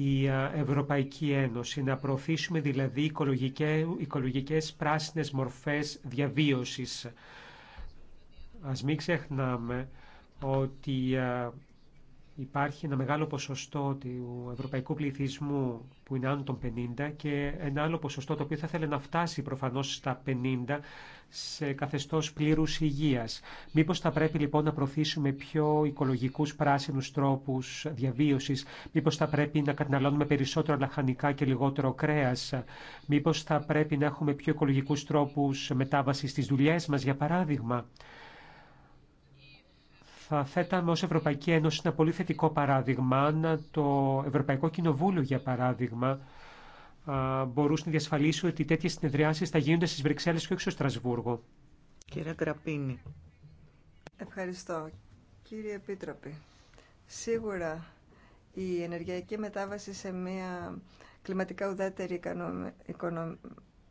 η ε, Ευρωπαϊκή Ένωση, να προωθήσουμε δηλαδή οικολογικές, οικολογικές πράσινες μορφές διαβίωσης. Ας μην ξεχνάμε ότι ε, υπάρχει ένα μεγάλο ποσοστό του ευρωπαϊκού πληθυσμού που είναι άνω των 50 και ένα άλλο ποσοστό το οποίο θα θέλει να φτάσει προφανώς στα 50 σε καθεστώς πλήρους υγείας. Μήπως θα πρέπει λοιπόν να προωθήσουμε πιο οικολογικούς πράσινους τρόπους διαβίωσης, μήπως θα πρέπει να καταναλώνουμε περισσότερο λαχανικά και λιγότερο κρέας, μήπως θα πρέπει να έχουμε πιο οικολογικούς τρόπους μετάβασης στις δουλειές μας για παράδειγμα θα θέταμε ως Ευρωπαϊκή Ένωση ένα πολύ θετικό παράδειγμα, να το Ευρωπαϊκό Κοινοβούλιο για παράδειγμα μπορούσε να διασφαλίσει ότι τέτοιες συνεδριάσεις θα γίνονται στις Βρυξέλλες και όχι στο Στρασβούργο. Κύριε Γκραπίνη. Ευχαριστώ. Κύριε Επίτροπη, σίγουρα η ενεργειακή μετάβαση σε μια κλιματικά ουδέτερη οικονομία,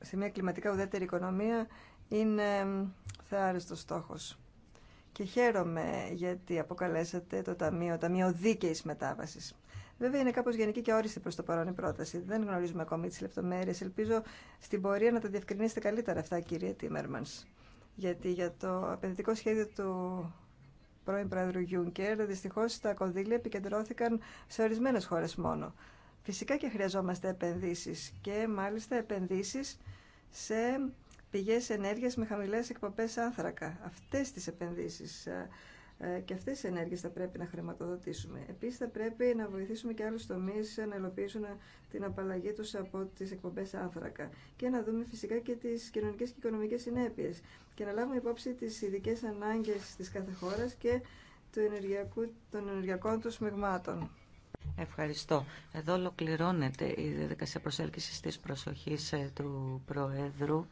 σε μια κλιματικά ουδέτερη οικονομία είναι θεάριστος στόχος και χαίρομαι γιατί αποκαλέσατε το Ταμείο, Ταμείο Δίκαιης Μετάβασης. Βέβαια είναι κάπως γενική και όριστη προς το παρόν η πρόταση. Δεν γνωρίζουμε ακόμη τι λεπτομέρειες. Ελπίζω στην πορεία να τα διευκρινίσετε καλύτερα αυτά, κύριε Τίμερμανς. Γιατί για το επενδυτικό σχέδιο του πρώην Πρόεδρου Γιούνκερ, Δυστυχώ τα κονδύλια επικεντρώθηκαν σε ορισμένε χώρε μόνο. Φυσικά και χρειαζόμαστε επενδύσει και μάλιστα επενδύσει σε πηγές ενέργειας με χαμηλές εκπομπές άνθρακα. Αυτές τις επενδύσεις ε, ε, και αυτές τις ενέργειες θα πρέπει να χρηματοδοτήσουμε. Επίσης θα πρέπει να βοηθήσουμε και άλλους τομείς να υλοποιήσουν την απαλλαγή τους από τις εκπομπές άνθρακα και να δούμε φυσικά και τις κοινωνικές και οικονομικές συνέπειες και να λάβουμε υπόψη τις ειδικέ ανάγκες της κάθε χώρα και του ενεργειακού, των ενεργειακών του μειγμάτων. Ευχαριστώ. Εδώ ολοκληρώνεται η διαδικασία προσέλκυσης της προσοχής ε, του Προέδρου.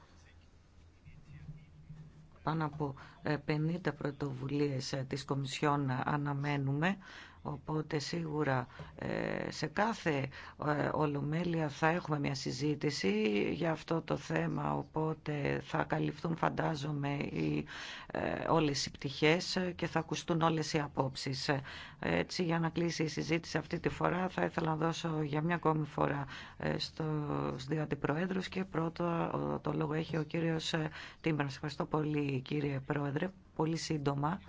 Πάνω από 50 ε, πρωτοβουλίες ε, της Κομισιόν ε, αναμένουμε Οπότε σίγουρα ε, σε κάθε ε, ολομέλεια θα έχουμε μια συζήτηση για αυτό το θέμα, οπότε θα καλυφθούν φαντάζομαι οι, ε, όλες οι πτυχές και θα ακουστούν όλες οι απόψεις. Έτσι για να κλείσει η συζήτηση αυτή τη φορά θα ήθελα να δώσω για μια ακόμη φορά στους δύο αντιπροέδρους και πρώτο το λόγο έχει ο κύριος Τίμπερ. ευχαριστώ πολύ κύριε Πρόεδρε, πολύ σύντομα.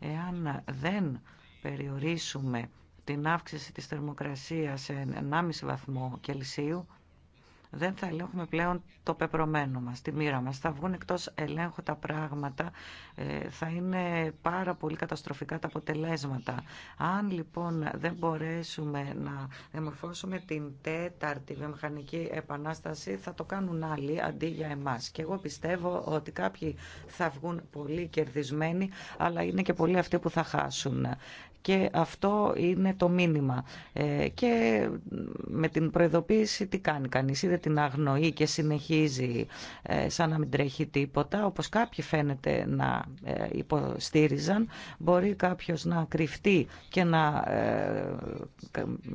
Εάν δεν περιορίσουμε την αύξηση της θερμοκρασίας σε 1,5 βαθμό Κελσίου, δεν θα ελέγχουμε πλέον το πεπρωμένο μας, τη μοίρα μας. Θα βγουν εκτός ελέγχου τα πράγματα, ε, θα είναι πάρα πολύ καταστροφικά τα αποτελέσματα. Αν λοιπόν δεν μπορέσουμε να διαμορφώσουμε την τέταρτη βιομηχανική επανάσταση, θα το κάνουν άλλοι αντί για εμάς. Και εγώ πιστεύω ότι κάποιοι θα βγουν πολύ κερδισμένοι, αλλά είναι και πολλοί αυτοί που θα χάσουν. Και αυτό είναι το μήνυμα. Ε, και με την προειδοποίηση τι κάνει κανείς, Είδε την αγνοή και συνεχίζει ε, σαν να μην τρέχει τίποτα, όπως κάποιοι φαίνεται να ε, υποστήριζαν, μπορεί κάποιος να κρυφτεί και να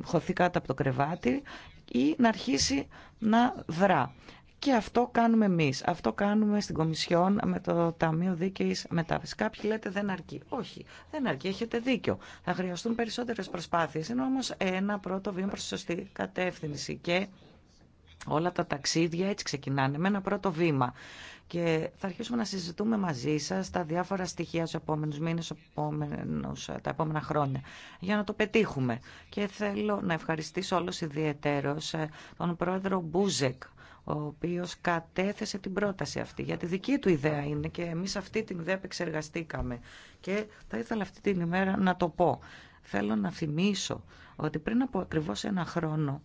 χωθεί κάτω από το κρεβάτι ή να αρχίσει να δρά. Και αυτό κάνουμε εμείς. Αυτό κάνουμε στην Κομισιόν με το Ταμείο Δίκαιης Μετάβασης. Κάποιοι λέτε δεν αρκεί. Όχι, δεν αρκεί. Έχετε δίκιο. Θα χρειαστούν περισσότερες προσπάθειες. Είναι όμως ένα πρώτο βήμα προς τη σωστή κατεύθυνση. Και όλα τα ταξίδια έτσι ξεκινάνε με ένα πρώτο βήμα. Και θα αρχίσουμε να συζητούμε μαζί σα τα διάφορα στοιχεία στου επόμενου μήνε, τα επόμενα χρόνια, για να το πετύχουμε. Και θέλω να ευχαριστήσω όλο ιδιαίτερος ε, τον πρόεδρο Μπούζεκ, ο οποίο κατέθεσε την πρόταση αυτή, γιατί δική του ιδέα είναι και εμείς αυτή την ιδέα επεξεργαστήκαμε. Και θα ήθελα αυτή την ημέρα να το πω. Θέλω να θυμίσω ότι πριν από ακριβώ ένα χρόνο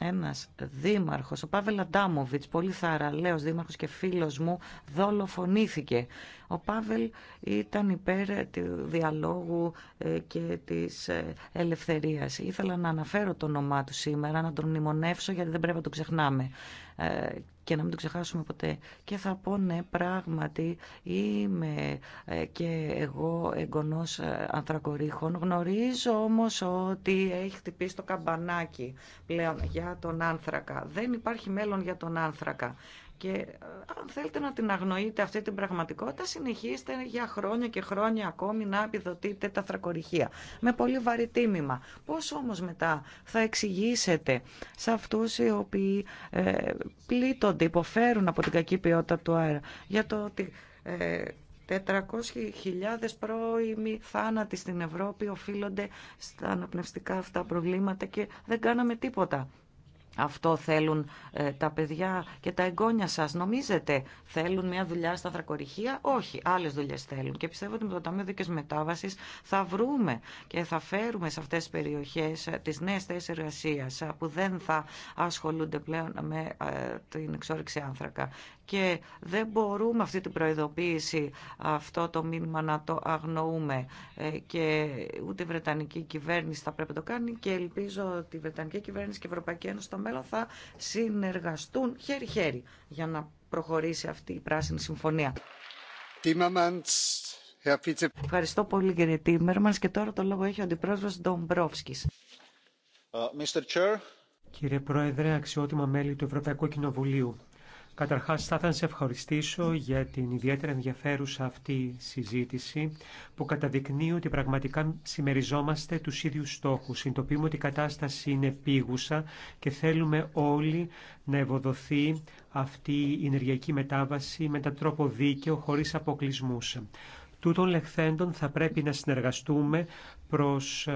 ένας δήμαρχος, ο Πάβελ Αντάμοβιτς, πολύ θαραλέος δήμαρχος και φίλος μου, δολοφονήθηκε. Ο Πάβελ ήταν υπέρ του διαλόγου ε, και της ε, ελευθερίας. Ήθελα να αναφέρω το όνομά του σήμερα, να τον μνημονεύσω γιατί δεν πρέπει να το ξεχνάμε. Ε, και να μην το ξεχάσουμε ποτέ. Και θα πω ναι, πράγματι είμαι ε, και εγώ εγγονός ε, ανθρακορίχων. Γνωρίζω όμως ότι έχει χτυπήσει το καμπανάκι πλέον για τον άνθρακα. Δεν υπάρχει μέλλον για τον άνθρακα. Και ε, αν θέλετε να την αγνοείτε αυτή την πραγματικότητα, συνεχίστε για χρόνια και χρόνια ακόμη να επιδοτείτε τα θρακοριχεία. Με πολύ βαρύ τίμημα. Πώς όμως μετά θα εξηγήσετε σε αυτούς οι οποίοι ε, πλήττονται, υποφέρουν από την κακή ποιότητα του αέρα, για το ότι... 400.000 ε, πρώιμοι θάνατοι στην Ευρώπη οφείλονται στα αναπνευστικά αυτά προβλήματα και δεν κάναμε τίποτα. Αυτό θέλουν ε, τα παιδιά και τα εγγόνια σας. Νομίζετε θέλουν μια δουλειά στα θρακοριχεία. Όχι, άλλες δουλειές θέλουν. Και πιστεύω ότι με το Ταμείο Δίκαιης Μετάβασης θα βρούμε και θα φέρουμε σε αυτές τις περιοχές ε, τις νέες θέσεις εργασία, ε, που δεν θα ασχολούνται πλέον με την εξόρυξη άνθρακα και δεν μπορούμε αυτή την προειδοποίηση, αυτό το μήνυμα να το αγνοούμε ε, και ούτε η Βρετανική κυβέρνηση θα πρέπει να το κάνει και ελπίζω ότι η Βρετανική κυβέρνηση και η Ευρωπαϊκή Ένωση στο μέλλον θα συνεργαστούν χέρι-χέρι για να προχωρήσει αυτή η πράσινη συμφωνία. Ευχαριστώ πολύ κύριε Τίμερμανς και τώρα το λόγο έχει ο αντιπρόεδρο Ντομπρόφσκης. Uh, Κύριε Πρόεδρε, αξιότιμα μέλη του Ευρωπαϊκού Κοινοβουλίου. Καταρχάς θα ήθελα να σε ευχαριστήσω για την ιδιαίτερα ενδιαφέρουσα αυτή συζήτηση που καταδεικνύει ότι πραγματικά συμμεριζόμαστε τους ίδιους στόχους. Συντοπίουμε ότι η κατάσταση είναι πήγουσα και θέλουμε όλοι να ευοδοθεί αυτή η ενεργειακή μετάβαση με τον τρόπο δίκαιο χωρίς αποκλεισμούς. Τούτων λεχθέντων θα πρέπει να συνεργαστούμε προς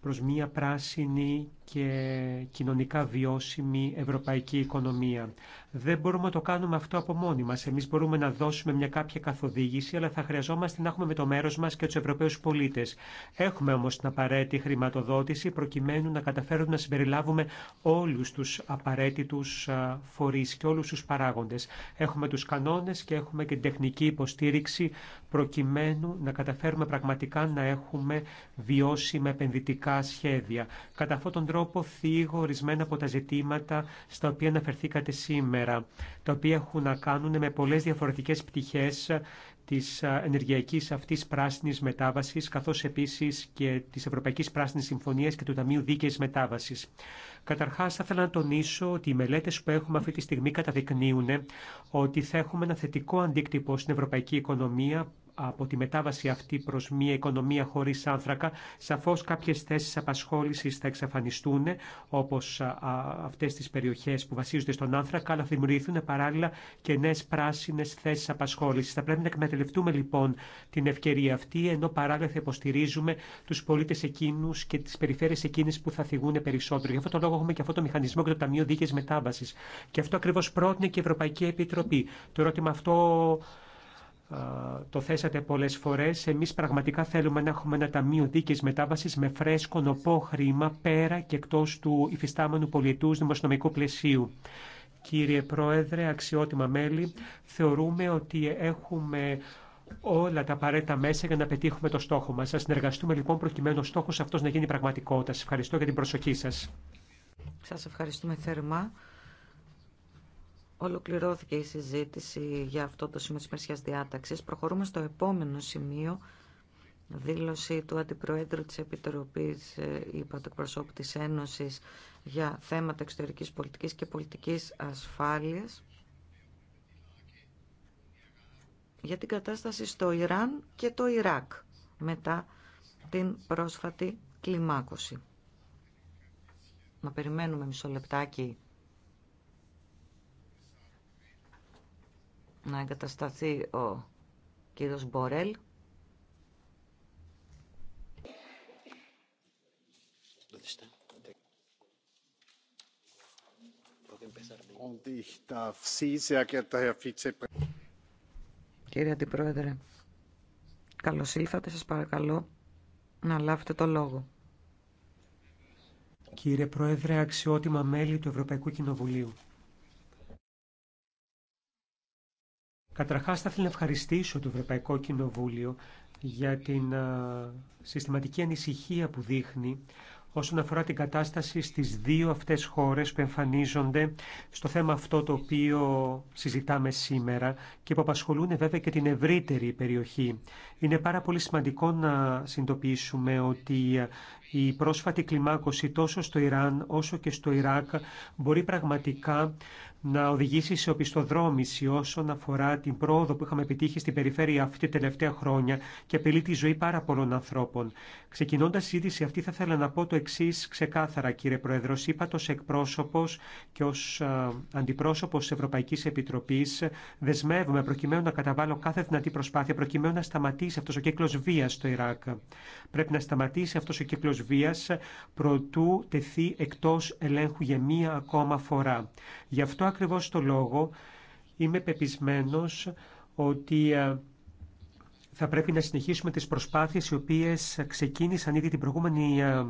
προς μία πράσινη και κοινωνικά βιώσιμη ευρωπαϊκή οικονομία. Δεν μπορούμε να το κάνουμε αυτό από μόνοι μας. Εμείς μπορούμε να δώσουμε μια κάποια καθοδήγηση, αλλά θα χρειαζόμαστε να έχουμε με το μέρος μας και τους Ευρωπαίους πολίτες. Έχουμε όμως την απαραίτητη χρηματοδότηση προκειμένου να καταφέρουμε να συμπεριλάβουμε όλους τους απαραίτητους φορείς και όλους τους παράγοντες. Έχουμε τους κανόνες και έχουμε και την τεχνική υποστήριξη προκειμένου να καταφέρουμε πραγματικά να έχουμε βιώσιμα επενδυτικά σχέδια. Κατά αυτόν τον τρόπο τρόπο θίγω ορισμένα από τα ζητήματα στα οποία αναφερθήκατε σήμερα, τα οποία έχουν να κάνουν με πολλές διαφορετικές πτυχές της ενεργειακής αυτής πράσινης μετάβασης, καθώς επίσης και της Ευρωπαϊκής Πράσινης Συμφωνίας και του Ταμείου Δίκαιης Μετάβασης. Καταρχάς, θα ήθελα να τονίσω ότι οι μελέτες που έχουμε αυτή τη στιγμή καταδεικνύουν ότι θα έχουμε ένα θετικό αντίκτυπο στην ευρωπαϊκή οικονομία από τη μετάβαση αυτή προς μια οικονομία χωρίς άνθρακα, σαφώς κάποιες θέσεις απασχόλησης θα εξαφανιστούν, όπως αυτές τις περιοχές που βασίζονται στον άνθρακα, αλλά θα δημιουργηθούν παράλληλα και νέες πράσινες θέσεις απασχόλησης. Θα πρέπει να εκμεταλλευτούμε λοιπόν την ευκαιρία αυτή, ενώ παράλληλα θα υποστηρίζουμε τους πολίτες εκείνους και τις περιφέρειες εκείνες που θα θυγούν περισσότερο. Γι' αυτό το λόγο έχουμε και αυτό το μηχανισμό και το Ταμείο Δίκαιης Μετάβασης. Και αυτό ακριβώς πρότεινε και η Ευρωπαϊκή Επιτροπή. Το ερώτημα αυτό το θέσατε πολλές φορές. Εμείς πραγματικά θέλουμε να έχουμε ένα ταμείο δίκαιης μετάβασης με φρέσκο νοπό χρήμα πέρα και εκτός του υφιστάμενου πολιτού δημοσιονομικού πλαισίου. Κύριε Πρόεδρε, αξιότιμα μέλη, θεωρούμε ότι έχουμε όλα τα απαραίτητα μέσα για να πετύχουμε το στόχο μας. Σας συνεργαστούμε λοιπόν προκειμένου ο στόχος αυτός να γίνει πραγματικότητα. Σας ευχαριστώ για την προσοχή σας. Σας ευχαριστούμε θερμά. Ολοκληρώθηκε η συζήτηση για αυτό το σημείο της Μερσιάς Διάταξης. Προχωρούμε στο επόμενο σημείο, δήλωση του Αντιπροέδρου της Επιτροπής ε, είπα το της Ένωσης για θέματα εξωτερικής πολιτικής και πολιτικής ασφάλειας για την κατάσταση στο Ιράν και το Ιράκ μετά την πρόσφατη κλιμάκωση. Να περιμένουμε μισό λεπτάκι να εγκατασταθεί ο κύριος Μπορέλ. Κύριε Αντιπρόεδρε, καλώς ήλθατε, σας παρακαλώ να λάβετε το λόγο. Κύριε Πρόεδρε, αξιότιμα μέλη του Ευρωπαϊκού Κοινοβουλίου. Καταρχάς θα ήθελα να ευχαριστήσω το Ευρωπαϊκό Κοινοβούλιο για την ε, συστηματική ανησυχία που δείχνει όσον αφορά την κατάσταση στις δύο αυτές χώρες που εμφανίζονται στο θέμα αυτό το οποίο συζητάμε σήμερα και που απασχολούν βέβαια και την ευρύτερη περιοχή. Είναι πάρα πολύ σημαντικό να συνειδητοποιήσουμε ότι ε, η πρόσφατη κλιμάκωση τόσο στο Ιράν όσο και στο Ιράκ μπορεί πραγματικά να οδηγήσει σε οπισθοδρόμηση όσον αφορά την πρόοδο που είχαμε επιτύχει στην περιφέρεια αυτή τελευταία χρόνια και απειλεί τη ζωή πάρα πολλών ανθρώπων. Ξεκινώντας η συζήτηση αυτή, θα ήθελα να πω το εξή ξεκάθαρα, κύριε Πρόεδρο. Είπα εκπρόσωπος εκπρόσωπο και ω ε, αντιπρόσωπο τη Ευρωπαϊκή Επιτροπή, δεσμεύομαι προκειμένου να καταβάλω κάθε δυνατή προσπάθεια προκειμένου να σταματήσει αυτό ο κύκλο βία στο Ιράκ. Πρέπει να σταματήσει αυτό ο κύκλο βία προτού τεθεί εκτό ελέγχου για μία ακόμα φορά. Γι' αυτό ακριβώ το λόγο είμαι πεπισμένο ότι ε, θα πρέπει να συνεχίσουμε τις προσπάθειες οι οποίες ξεκίνησαν ήδη την προηγούμενη ε,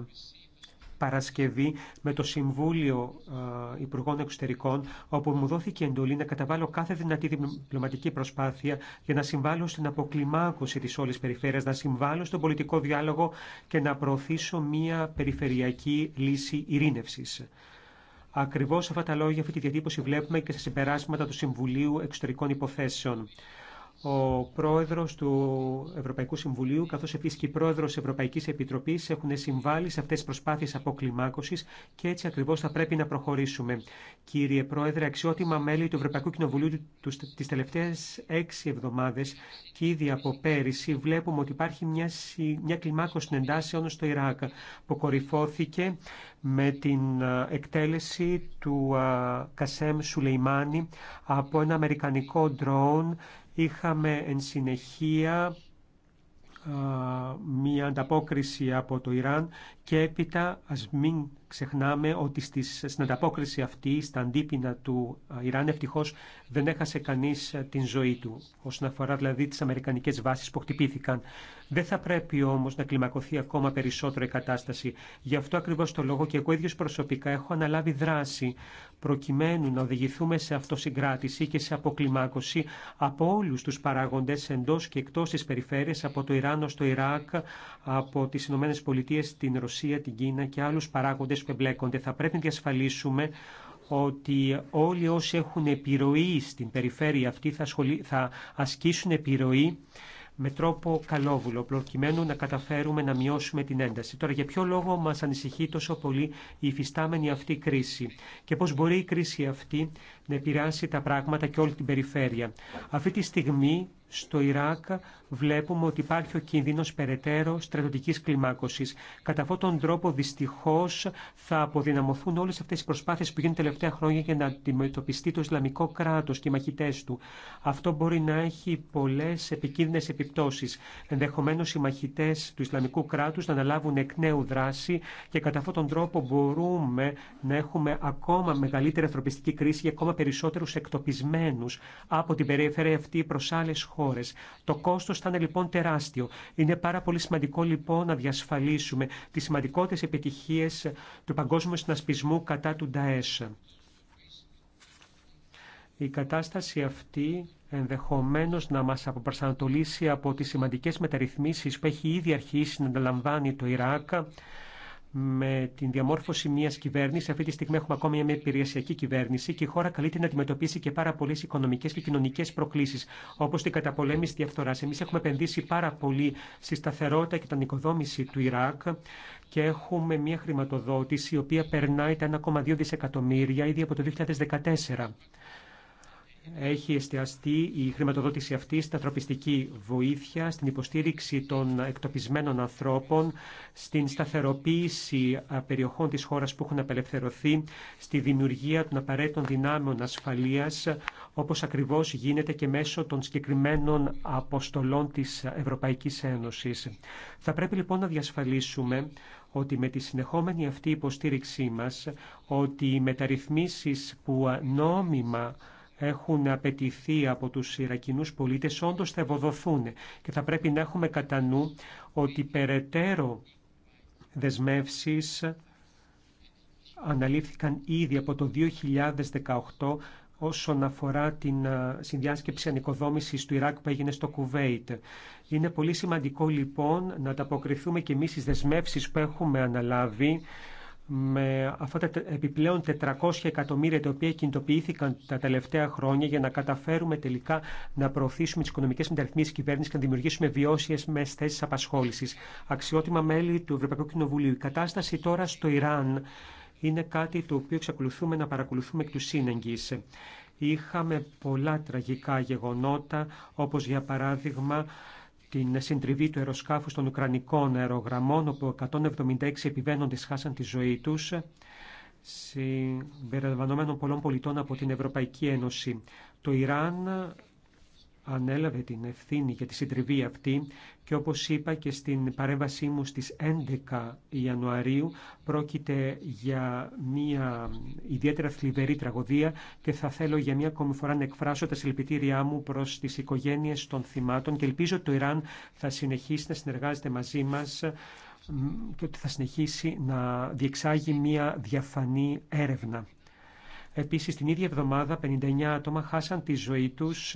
Παρασκευή με το Συμβούλιο ε, Υπουργών Εξωτερικών, όπου μου δόθηκε εντολή να καταβάλω κάθε δυνατή διπλωματική προσπάθεια για να συμβάλλω στην αποκλιμάκωση τη όλη περιφέρεια, να συμβάλλω στον πολιτικό διάλογο και να προωθήσω μια περιφερειακή λύση ειρήνευση. Ακριβώ αυτά τα λόγια, αυτή τη διατύπωση βλέπουμε και στα συμπεράσματα του Συμβουλίου Εξωτερικών Υποθέσεων ο πρόεδρο του Ευρωπαϊκού Συμβουλίου, καθώ επίση και η πρόεδρος Ευρωπαϊκή Επιτροπή, έχουν συμβάλει σε αυτές τις προσπάθειες αποκλιμάκωσης και έτσι ακριβώ θα πρέπει να προχωρήσουμε. Κύριε Πρόεδρε, αξιότιμα μέλη του Ευρωπαϊκού Κοινοβουλίου τι τελευταίε έξι εβδομάδε και ήδη από πέρυσι βλέπουμε ότι υπάρχει μια, μια κλιμάκωση των εντάσεων στο Ιράκ που κορυφώθηκε με την εκτέλεση του Κασέμ Σουλεϊμάνη από ένα αμερικανικό ντρόουν Είχαμε εν συνεχεία μία ανταπόκριση από το Ιράν και έπειτα ας μην ξεχνάμε ότι στις, στην ανταπόκριση αυτή, στα αντίπεινα του Ιράν, ευτυχώ δεν έχασε κανείς ε, την ζωή του, όσον αφορά δηλαδή τις αμερικανικές βάσεις που χτυπήθηκαν. Δεν θα πρέπει όμως να κλιμακωθεί ακόμα περισσότερο η κατάσταση. Γι' αυτό ακριβώς το λόγο και εγώ ίδιος προσωπικά έχω αναλάβει δράση προκειμένου να οδηγηθούμε σε αυτοσυγκράτηση και σε αποκλιμάκωση από όλους τους παράγοντες εντός και εκτός της περιφέρειας, από το Ιράν ως το Ιράκ, από τις Ηνωμένε Πολιτείε στην Ρωσία, Ρωσία, την Κίνα και άλλους παράγοντες που εμπλέκονται. Θα πρέπει να διασφαλίσουμε ότι όλοι όσοι έχουν επιρροή στην περιφέρεια αυτή θα ασκήσουν επιρροή με τρόπο καλόβουλο, προκειμένου να καταφέρουμε να μειώσουμε την ένταση. Τώρα, για ποιο λόγο μα ανησυχεί τόσο πολύ η υφιστάμενη αυτή κρίση και πώ μπορεί η κρίση αυτή να επηρεάσει τα πράγματα και όλη την περιφέρεια. Αυτή τη στιγμή στο Ιράκ βλέπουμε ότι υπάρχει ο κίνδυνο περαιτέρω στρατιωτική κλιμάκωση. Κατά αυτόν τον τρόπο δυστυχώ, θα αποδυναμωθούν όλε αυτέ οι προσπάθειε που γίνονται τελευταία χρόνια για να αντιμετωπιστεί το Ισλαμικό κράτο και οι μαχητέ του. Αυτό μπορεί να έχει πολλέ επικίνδυνε επιπτώσει. Ενδεχομένω οι μαχητέ του Ισλαμικού κράτου να αναλάβουν εκ νέου δράση και κατά αυτόν τον τρόπο μπορούμε να έχουμε ακόμα μεγαλύτερη ανθρωπιστική κρίση και ακόμα περισσότερου εκτοπισμένου από την περιφέρεια αυτή προ άλλε χώρε το κόστο θα είναι λοιπόν τεράστιο. Είναι πάρα πολύ σημαντικό λοιπόν να διασφαλίσουμε τι σημαντικότερε επιτυχίε του παγκόσμιου συνασπισμού κατά του Νταέσσα. Η κατάσταση αυτή ενδεχομένως να μας αποπροσανατολίσει από τις σημαντικές μεταρρυθμίσεις που έχει ήδη αρχίσει να αναλαμβάνει το Ιράκ με την διαμόρφωση μια κυβέρνηση. Αυτή τη στιγμή έχουμε ακόμα μια υπηρεσιακή κυβέρνηση και η χώρα καλείται να αντιμετωπίσει και πάρα πολλέ οικονομικέ και κοινωνικέ προκλήσει, όπω την καταπολέμηση διαφθορά. Εμεί έχουμε επενδύσει πάρα πολύ στη σταθερότητα και την οικοδόμηση του Ιράκ και έχουμε μια χρηματοδότηση η οποία περνάει τα 1,2 δισεκατομμύρια ήδη από το 2014 έχει εστιαστεί η χρηματοδότηση αυτή στην τροπιστική βοήθεια, στην υποστήριξη των εκτοπισμένων ανθρώπων, στην σταθεροποίηση περιοχών της χώρας που έχουν απελευθερωθεί, στη δημιουργία των απαραίτητων δυνάμεων ασφαλείας, όπως ακριβώς γίνεται και μέσω των συγκεκριμένων αποστολών της Ευρωπαϊκής Ένωσης. Θα πρέπει λοιπόν να διασφαλίσουμε ότι με τη συνεχόμενη αυτή υποστήριξή μας, ότι οι μεταρρυθμίσεις που νόμιμα έχουν απαιτηθεί από τους Ιρακινούς πολίτες όντως θα ευοδοθούν και θα πρέπει να έχουμε κατά νου ότι περαιτέρω δεσμεύσεις αναλήφθηκαν ήδη από το 2018 όσον αφορά την συνδιάσκεψη ανοικοδόμησης του Ιράκ που έγινε στο Κουβέιτ. Είναι πολύ σημαντικό λοιπόν να ανταποκριθούμε και εμείς στις δεσμεύσεις που έχουμε αναλάβει με αυτά τα επιπλέον 400 εκατομμύρια τα οποία κινητοποιήθηκαν τα τελευταία χρόνια για να καταφέρουμε τελικά να προωθήσουμε τι οικονομικέ μεταρρυθμίσει κυβέρνηση και να δημιουργήσουμε βιώσιε με θέσει απασχόληση. Αξιότιμα μέλη του Ευρωπαϊκού Κοινοβουλίου. Η κατάσταση τώρα στο Ιράν είναι κάτι το οποίο εξακολουθούμε να παρακολουθούμε εκ του σύνεγγυς. Είχαμε πολλά τραγικά γεγονότα, όπως για παράδειγμα την συντριβή του αεροσκάφους των Ουκρανικών αερογραμμών, όπου 176 επιβαίνοντες χάσαν τη ζωή τους, συμπεριλαμβανομένων πολλών πολιτών από την Ευρωπαϊκή Ένωση. Το Ιράν ανέλαβε την ευθύνη για τη συντριβή αυτή και όπως είπα και στην παρέμβασή μου στις 11 Ιανουαρίου πρόκειται για μια ιδιαίτερα θλιβερή τραγωδία και θα θέλω για μια ακόμη φορά να εκφράσω τα συλληπιτήριά μου προς τις οικογένειες των θυμάτων και ελπίζω ότι το Ιράν θα συνεχίσει να συνεργάζεται μαζί μας και ότι θα συνεχίσει να διεξάγει μια διαφανή έρευνα. Επίσης, την ίδια εβδομάδα 59 άτομα χάσαν τη ζωή τους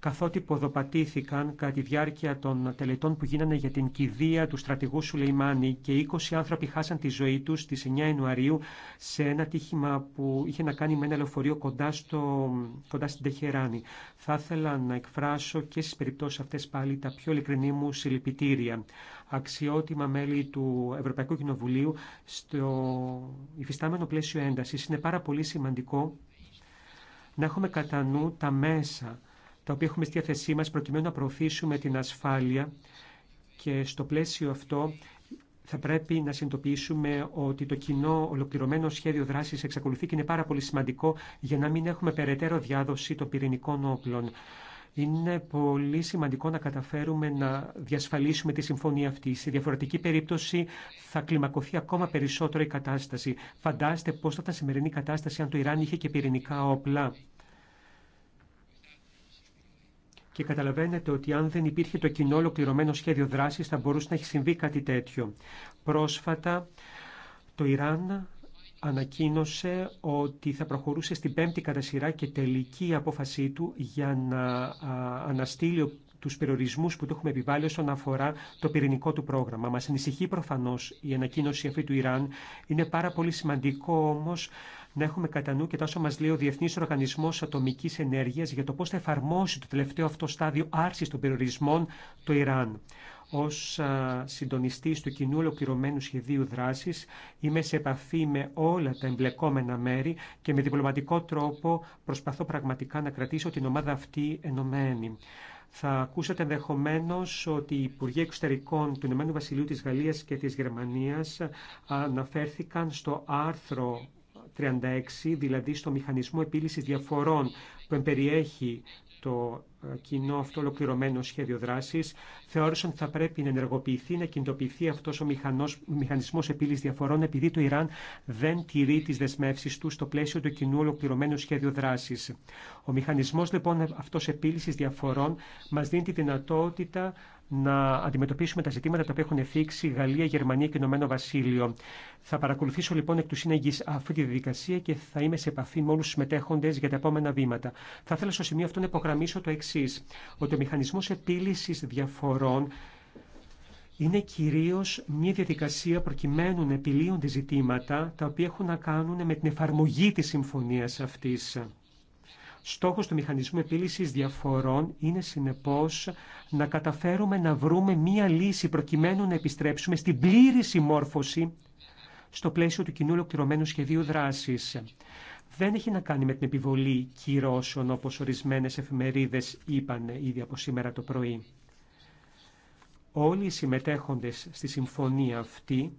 καθότι ποδοπατήθηκαν κατά τη διάρκεια των τελετών που γίνανε για την κηδεία του στρατηγού Σουλεϊμάνη και 20 άνθρωποι χάσαν τη ζωή τους στις 9 Ιανουαρίου σε ένα τύχημα που είχε να κάνει με ένα λεωφορείο κοντά, στο, κοντά στην Τεχεράνη. Θα ήθελα να εκφράσω και στις περιπτώσεις αυτές πάλι τα πιο ειλικρινή μου συλληπιτήρια. Αξιότιμα μέλη του Ευρωπαϊκού Κοινοβουλίου στο υφιστάμενο πλαίσιο έντασης είναι πάρα πολύ σημαντικό να έχουμε κατά νου τα μέσα τα οποία έχουμε στη διάθεσή μας προκειμένου να προωθήσουμε την ασφάλεια και στο πλαίσιο αυτό θα πρέπει να συνειδητοποιήσουμε ότι το κοινό ολοκληρωμένο σχέδιο δράσης εξακολουθεί και είναι πάρα πολύ σημαντικό για να μην έχουμε περαιτέρω διάδοση των πυρηνικών όπλων. Είναι πολύ σημαντικό να καταφέρουμε να διασφαλίσουμε τη συμφωνία αυτή. Σε διαφορετική περίπτωση θα κλιμακωθεί ακόμα περισσότερο η κατάσταση. Φαντάστε πώς θα ήταν σημερινή κατάσταση αν το Ιράν είχε και πυρηνικά όπλα. Και καταλαβαίνετε ότι αν δεν υπήρχε το κοινό ολοκληρωμένο σχέδιο δράσης θα μπορούσε να έχει συμβεί κάτι τέτοιο. Πρόσφατα το Ιράν ανακοίνωσε ότι θα προχωρούσε στην πέμπτη κατά σειρά και τελική απόφασή του για να αναστείλει τους περιορισμούς που του έχουμε επιβάλει όσον αφορά το πυρηνικό του πρόγραμμα. Μα. ανησυχεί προφανώ η ανακοίνωση αυτή του Ιράν. Είναι πάρα πολύ σημαντικό όμω να έχουμε κατά νου και τόσο μα λέει ο Διεθνή Οργανισμό Ατομική ενέργεια για το πώ θα εφαρμόσει το τελευταίο αυτό στάδιο άρση των περιορισμών το Ιράν. Ω συντονιστή του κοινού ολοκληρωμένου σχεδίου δράση, είμαι σε επαφή με όλα τα εμπλεκόμενα μέρη και με διπλωματικό τρόπο προσπαθώ πραγματικά να κρατήσω την ομάδα αυτή ενωμένη. Θα ακούσατε ενδεχομένω ότι οι Υπουργοί Εξωτερικών του Ηνωμένου Βασιλείου της Γαλλίας και της Γερμανίας αναφέρθηκαν στο άρθρο 36, δηλαδή στο μηχανισμό επίλυσης διαφορών που περιέχει το ε, κοινό αυτό ολοκληρωμένο σχέδιο δράσης, θεώρησαν ότι θα πρέπει να ενεργοποιηθεί, να κινητοποιηθεί αυτό ο μηχανισμός επίλυση διαφορών, επειδή το Ιράν δεν τηρεί τις δεσμεύσεις του στο πλαίσιο του κοινού ολοκληρωμένου σχέδιου δράσης. Ο μηχανισμός λοιπόν αυτό επίλυση διαφορών μας δίνει τη δυνατότητα να αντιμετωπίσουμε τα ζητήματα τα οποία έχουν θίξει Γαλλία, Γερμανία και Ηνωμένο Βασίλειο. Θα παρακολουθήσω λοιπόν εκ του σύνεγγυ αυτή τη διαδικασία και θα είμαι σε επαφή με όλου του συμμετέχοντε για τα επόμενα βήματα. Θα ήθελα στο σημείο αυτό να υπογραμμίσω το εξή, ότι ο μηχανισμό επίλυση διαφορών είναι κυρίω μια διαδικασία προκειμένου να επιλύονται ζητήματα τα οποία έχουν να κάνουν με την εφαρμογή της συμφωνίας αυτή. Στόχος του μηχανισμού επίλυσης διαφορών είναι συνεπώς να καταφέρουμε να βρούμε μία λύση προκειμένου να επιστρέψουμε στην πλήρη συμμόρφωση στο πλαίσιο του κοινού ολοκληρωμένου σχεδίου δράσης. Δεν έχει να κάνει με την επιβολή κυρώσεων όπως ορισμένες εφημερίδες είπαν ήδη από σήμερα το πρωί. Όλοι οι συμμετέχοντες στη συμφωνία αυτή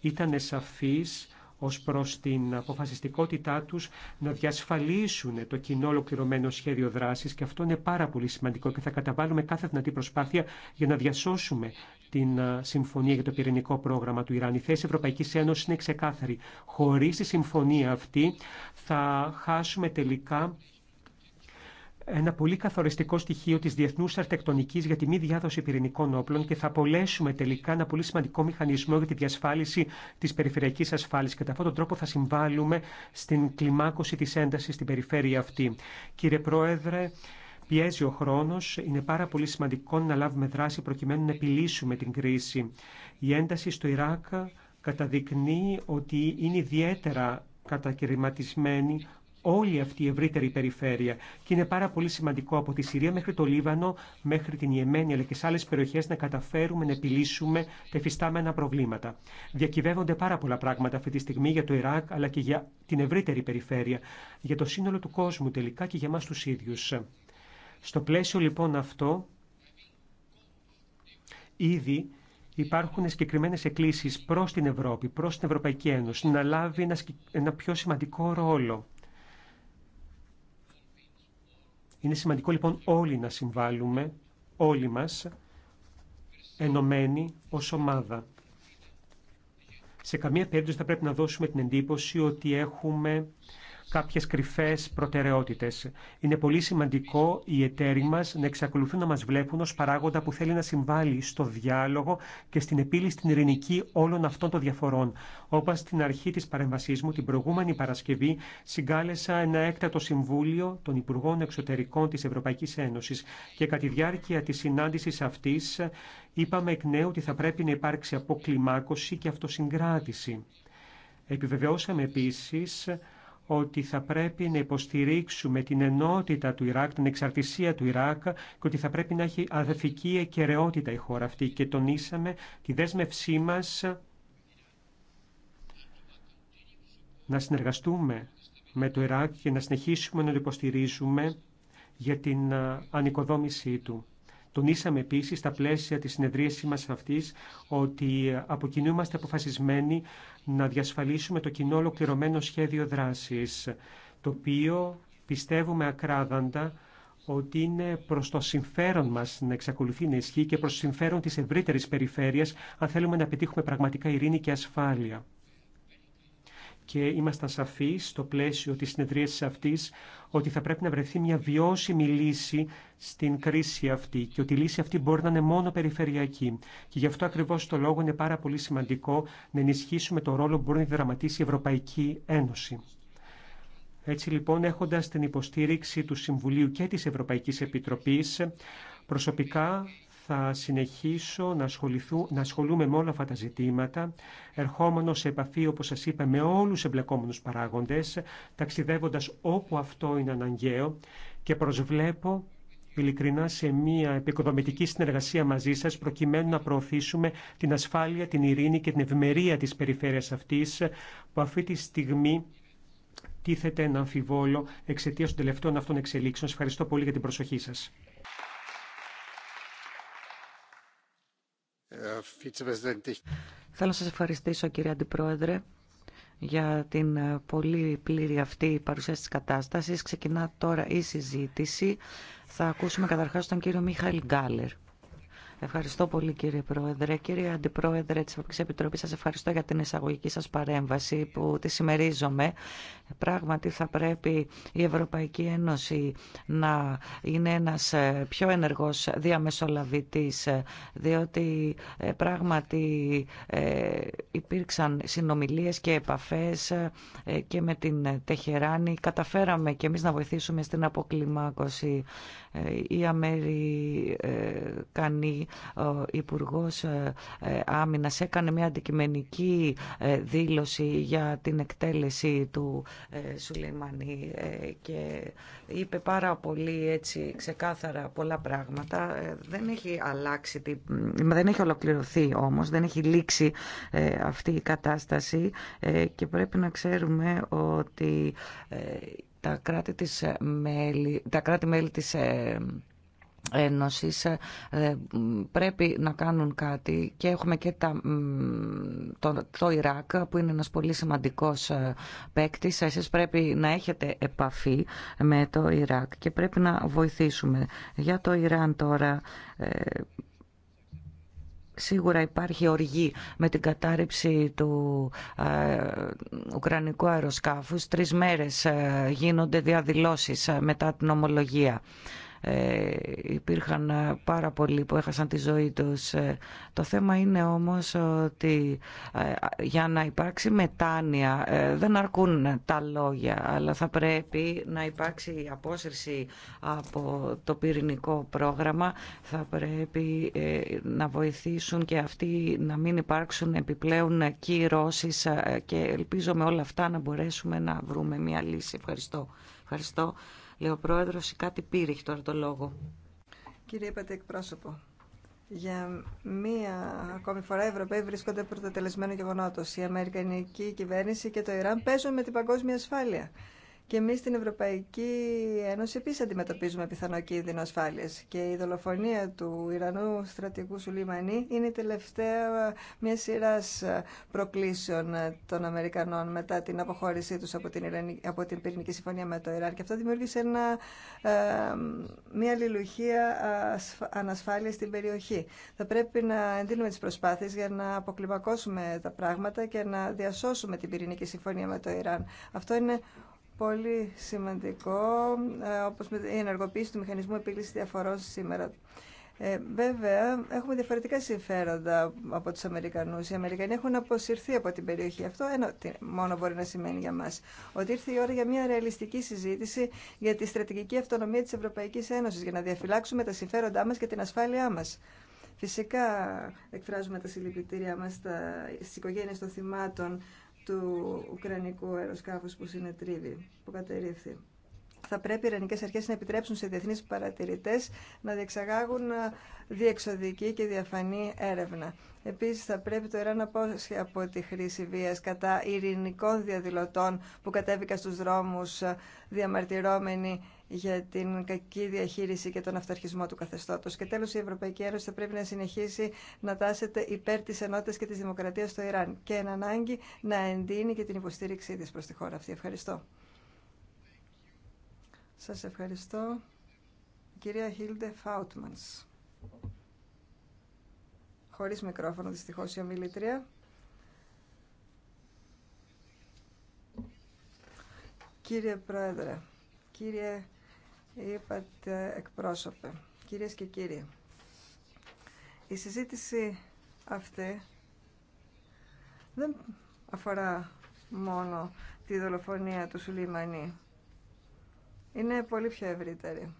ήταν σαφείς ως προς την αποφασιστικότητά τους να διασφαλίσουν το κοινό ολοκληρωμένο σχέδιο δράσης και αυτό είναι πάρα πολύ σημαντικό και θα καταβάλουμε κάθε δυνατή προσπάθεια για να διασώσουμε την συμφωνία για το πυρηνικό πρόγραμμα του Ιράν. Η θέση Ευρωπαϊκής Ένωσης είναι ξεκάθαρη. Χωρίς τη συμφωνία αυτή θα χάσουμε τελικά ένα πολύ καθοριστικό στοιχείο τη διεθνούς Αρτεκτονική για τη μη διάδοση πυρηνικών όπλων και θα απολέσουμε τελικά ένα πολύ σημαντικό μηχανισμό για τη διασφάλιση τη περιφερειακή ασφάλειας. Κατά αυτόν τον τρόπο θα συμβάλλουμε στην κλιμάκωση τη ένταση στην περιφέρεια αυτή. Κύριε Πρόεδρε, Πιέζει ο χρόνο. Είναι πάρα πολύ σημαντικό να λάβουμε δράση προκειμένου να επιλύσουμε την κρίση. Η ένταση στο Ιράκ καταδεικνύει ότι είναι ιδιαίτερα κατακαιρματισμένη όλη αυτή η ευρύτερη περιφέρεια και είναι πάρα πολύ σημαντικό από τη Συρία μέχρι το Λίβανο, μέχρι την Ιεμένη αλλά και σε άλλε περιοχέ να καταφέρουμε να επιλύσουμε τα εφιστάμενα προβλήματα. Διακυβεύονται πάρα πολλά πράγματα αυτή τη στιγμή για το Ιράκ αλλά και για την ευρύτερη περιφέρεια, για το σύνολο του κόσμου τελικά και για εμά του ίδιου. Στο πλαίσιο λοιπόν αυτό, ήδη υπάρχουν συγκεκριμένε εκκλήσει προ την Ευρώπη, προ την Ευρωπαϊκή Ένωση, να λάβει ένα, πιο σημαντικό ρόλο. Είναι σημαντικό λοιπόν όλοι να συμβάλλουμε, όλοι μας, ενωμένοι ως ομάδα. Σε καμία περίπτωση θα πρέπει να δώσουμε την εντύπωση ότι έχουμε κάποιε κρυφέ προτεραιότητες. Είναι πολύ σημαντικό οι εταίροι μας να εξακολουθούν να μας βλέπουν ως παράγοντα που θέλει να συμβάλλει στο διάλογο και στην επίλυση την ειρηνική όλων αυτών των διαφορών. Όπως στην αρχή της παρεμβασής μου, την προηγούμενη Παρασκευή, συγκάλεσα ένα έκτατο συμβούλιο των Υπουργών Εξωτερικών της Ευρωπαϊκής Ένωσης και κατά τη διάρκεια τη συνάντηση αυτής είπαμε εκ νέου ότι θα πρέπει να υπάρξει αποκλιμάκωση και αυτοσυγκράτηση. Επιβεβαιώσαμε επίσης ότι θα πρέπει να υποστηρίξουμε την ενότητα του Ιράκ, την εξαρτησία του Ιράκ και ότι θα πρέπει να έχει αδερφική εκαιρεότητα η χώρα αυτή. Και τονίσαμε τη δέσμευσή μας να συνεργαστούμε με το Ιράκ και να συνεχίσουμε να το υποστηρίζουμε για την ανοικοδόμησή του. Τονίσαμε επίσης στα πλαίσια της συνεδρίασής μας αυτής ότι από κοινού είμαστε αποφασισμένοι να διασφαλίσουμε το κοινό ολοκληρωμένο σχέδιο δράσης, το οποίο πιστεύουμε ακράδαντα ότι είναι προ το συμφέρον μα να εξακολουθεί να ισχύει και προ το συμφέρον τη ευρύτερη περιφέρεια, αν θέλουμε να πετύχουμε πραγματικά ειρήνη και ασφάλεια και ήμασταν σαφείς στο πλαίσιο της συνεδρίασης αυτής ότι θα πρέπει να βρεθεί μια βιώσιμη λύση στην κρίση αυτή και ότι η λύση αυτή μπορεί να είναι μόνο περιφερειακή. Και γι' αυτό ακριβώς το λόγο είναι πάρα πολύ σημαντικό να ενισχύσουμε το ρόλο που μπορεί να δραματίσει η Ευρωπαϊκή Ένωση. Έτσι λοιπόν έχοντας την υποστήριξη του Συμβουλίου και της Ευρωπαϊκής Επιτροπής, προσωπικά θα συνεχίσω να, να ασχολούμαι με όλα αυτά τα ζητήματα, ερχόμενο σε επαφή, όπως σας είπα, με όλους τους εμπλεκόμενους παράγοντες, ταξιδεύοντας όπου αυτό είναι αναγκαίο και προσβλέπω ειλικρινά σε μια επικοδομητική συνεργασία μαζί σας προκειμένου να προωθήσουμε την ασφάλεια, την ειρήνη και την ευημερία της περιφέρειας αυτής που αυτή τη στιγμή τίθεται ένα αμφιβόλο εξαιτία των τελευταίων αυτών εξελίξεων. Σας ευχαριστώ πολύ για την προσοχή σας. Θέλω να σας ευχαριστήσω κύριε Αντιπρόεδρε για την ε, πολύ πλήρη αυτή παρουσίαση της κατάστασης. Ξεκινά τώρα η συζήτηση. Θα ακούσουμε καταρχάς τον κύριο Μίχαηλ Γκάλερ. Ευχαριστώ πολύ κύριε Πρόεδρε. Κύριε Αντιπρόεδρε της Ευρωπαϊκής Επιτροπής, σας ευχαριστώ για την εισαγωγική σας παρέμβαση που τη συμμερίζομαι. Πράγματι θα πρέπει η Ευρωπαϊκή Ένωση να είναι ένας ε, πιο ενεργός διαμεσολαβητής, ε, διότι ε, πράγματι υπήρξαν συνομιλίες και επαφές και με την Τεχεράνη. Καταφέραμε και εμείς να βοηθήσουμε στην αποκλιμάκωση ε, η Αμερικανή ε, Υπουργό ε, Άμυνα έκανε μια αντικειμενική δήλωση για την εκτέλεση του Σουλεϊμανή και είπε πάρα πολύ έτσι ξεκάθαρα πολλά πράγματα. Δεν έχει αλλάξει, δεν έχει ολοκληρωθεί όμως, δεν έχει λήξει αυτή η κατάσταση και πρέπει να ξέρουμε ότι τα κράτη της ε, μέλη, τα κράτη μέλη της ε, Ένωσης ε, πρέπει να κάνουν κάτι και έχουμε και τα, το, το Ιράκ που είναι ένας πολύ σημαντικός παίκτη. Εσείς πρέπει να έχετε επαφή με το Ιράκ και πρέπει να βοηθήσουμε. Για το Ιράν τώρα Σίγουρα υπάρχει οργή με την κατάρρευση του ε, Ουκρανικού αεροσκάφους. Τρεις μέρες ε, γίνονται διαδηλώσεις ε, μετά την ομολογία. Ε, υπήρχαν ε, πάρα πολλοί που έχασαν τη ζωή τους. Ε, το θέμα είναι όμως ότι για να υπάρξει μετάνοια δεν αρκούν τα λόγια, αλλά θα πρέπει να υπάρξει η απόσυρση από το πυρηνικό πρόγραμμα. Θα πρέπει να βοηθήσουν και αυτοί να μην υπάρξουν επιπλέον κυρώσεις και ελπίζω με όλα αυτά να μπορέσουμε να βρούμε μια λύση. Ευχαριστώ. Ευχαριστώ λέει ο πρόεδρο, η κάτι πήρε τώρα το λόγο. Κύριε Πατή, εκπρόσωπο. Για μία ακόμη φορά, οι Ευρωπαίοι βρίσκονται πρωτοτελεσμένο γεγονότο. Η Αμερικανική κυβέρνηση και το Ιράν παίζουν με την παγκόσμια ασφάλεια. Και εμεί στην Ευρωπαϊκή Ένωση επίση αντιμετωπίζουμε πιθανό κίνδυνο ασφάλεια. Και η δολοφονία του Ιρανού στρατηγού Σουλήμανι είναι η τελευταία μια σειρά προκλήσεων των Αμερικανών μετά την αποχώρησή του από, την από την Πυρηνική Συμφωνία με το Ιράν. Και αυτό δημιούργησε ένα, ε, μια αλληλουχία ανασφάλεια στην περιοχή. Θα πρέπει να εντείνουμε τι προσπάθειε για να αποκλιμακώσουμε τα πράγματα και να διασώσουμε την Πυρηνική Συμφωνία με το Ιράν. Αυτό είναι πολύ σημαντικό, ε, όπως η ενεργοποίηση του μηχανισμού επίλυση διαφορών σήμερα. Ε, βέβαια, έχουμε διαφορετικά συμφέροντα από τους Αμερικανούς. Οι Αμερικανοί έχουν αποσυρθεί από την περιοχή. Αυτό μόνο μπορεί να σημαίνει για μας. Ότι ήρθε η ώρα για μια ρεαλιστική συζήτηση για τη στρατηγική αυτονομία της Ευρωπαϊκής Ένωσης, για να διαφυλάξουμε τα συμφέροντά μας και την ασφάλειά μας. Φυσικά εκφράζουμε τα συλληπιτήριά μας στις οικογένειες των θυμάτων του Ουκρανικού αεροσκάφου που συνετρίβει, που κατερρύφθη. Θα πρέπει οι Ιρανικέ αρχές να επιτρέψουν σε διεθνεί παρατηρητές να διεξαγάγουν διεξοδική και διαφανή έρευνα. Επίσης θα πρέπει το Ιράν να απόσχει από τη χρήση βίας κατά ειρηνικών διαδηλωτών που κατέβηκαν στους δρόμου διαμαρτυρώμενοι για την κακή διαχείριση και τον αυταρχισμό του καθεστώτος. Και τέλος η Ευρωπαϊκή Ένωση θα πρέπει να συνεχίσει να τάσεται υπέρ τη ενότητα και τη Δημοκρατία στο Ιράν και εν ανάγκη να εντείνει και την υποστήριξή τη προς τη χώρα αυτή. Ευχαριστώ. Σας ευχαριστώ. Κυρία Χίλντε Φάουτμαν. Χωρίς μικρόφωνο δυστυχώς η ομιλήτρια. Κύριε Πρόεδρε, κύριε είπατε εκπρόσωπε, κυρίες και κύριοι. Η συζήτηση αυτή δεν αφορά μόνο τη δολοφονία του Σουλήμανη. Είναι πολύ πιο ευρύτερη.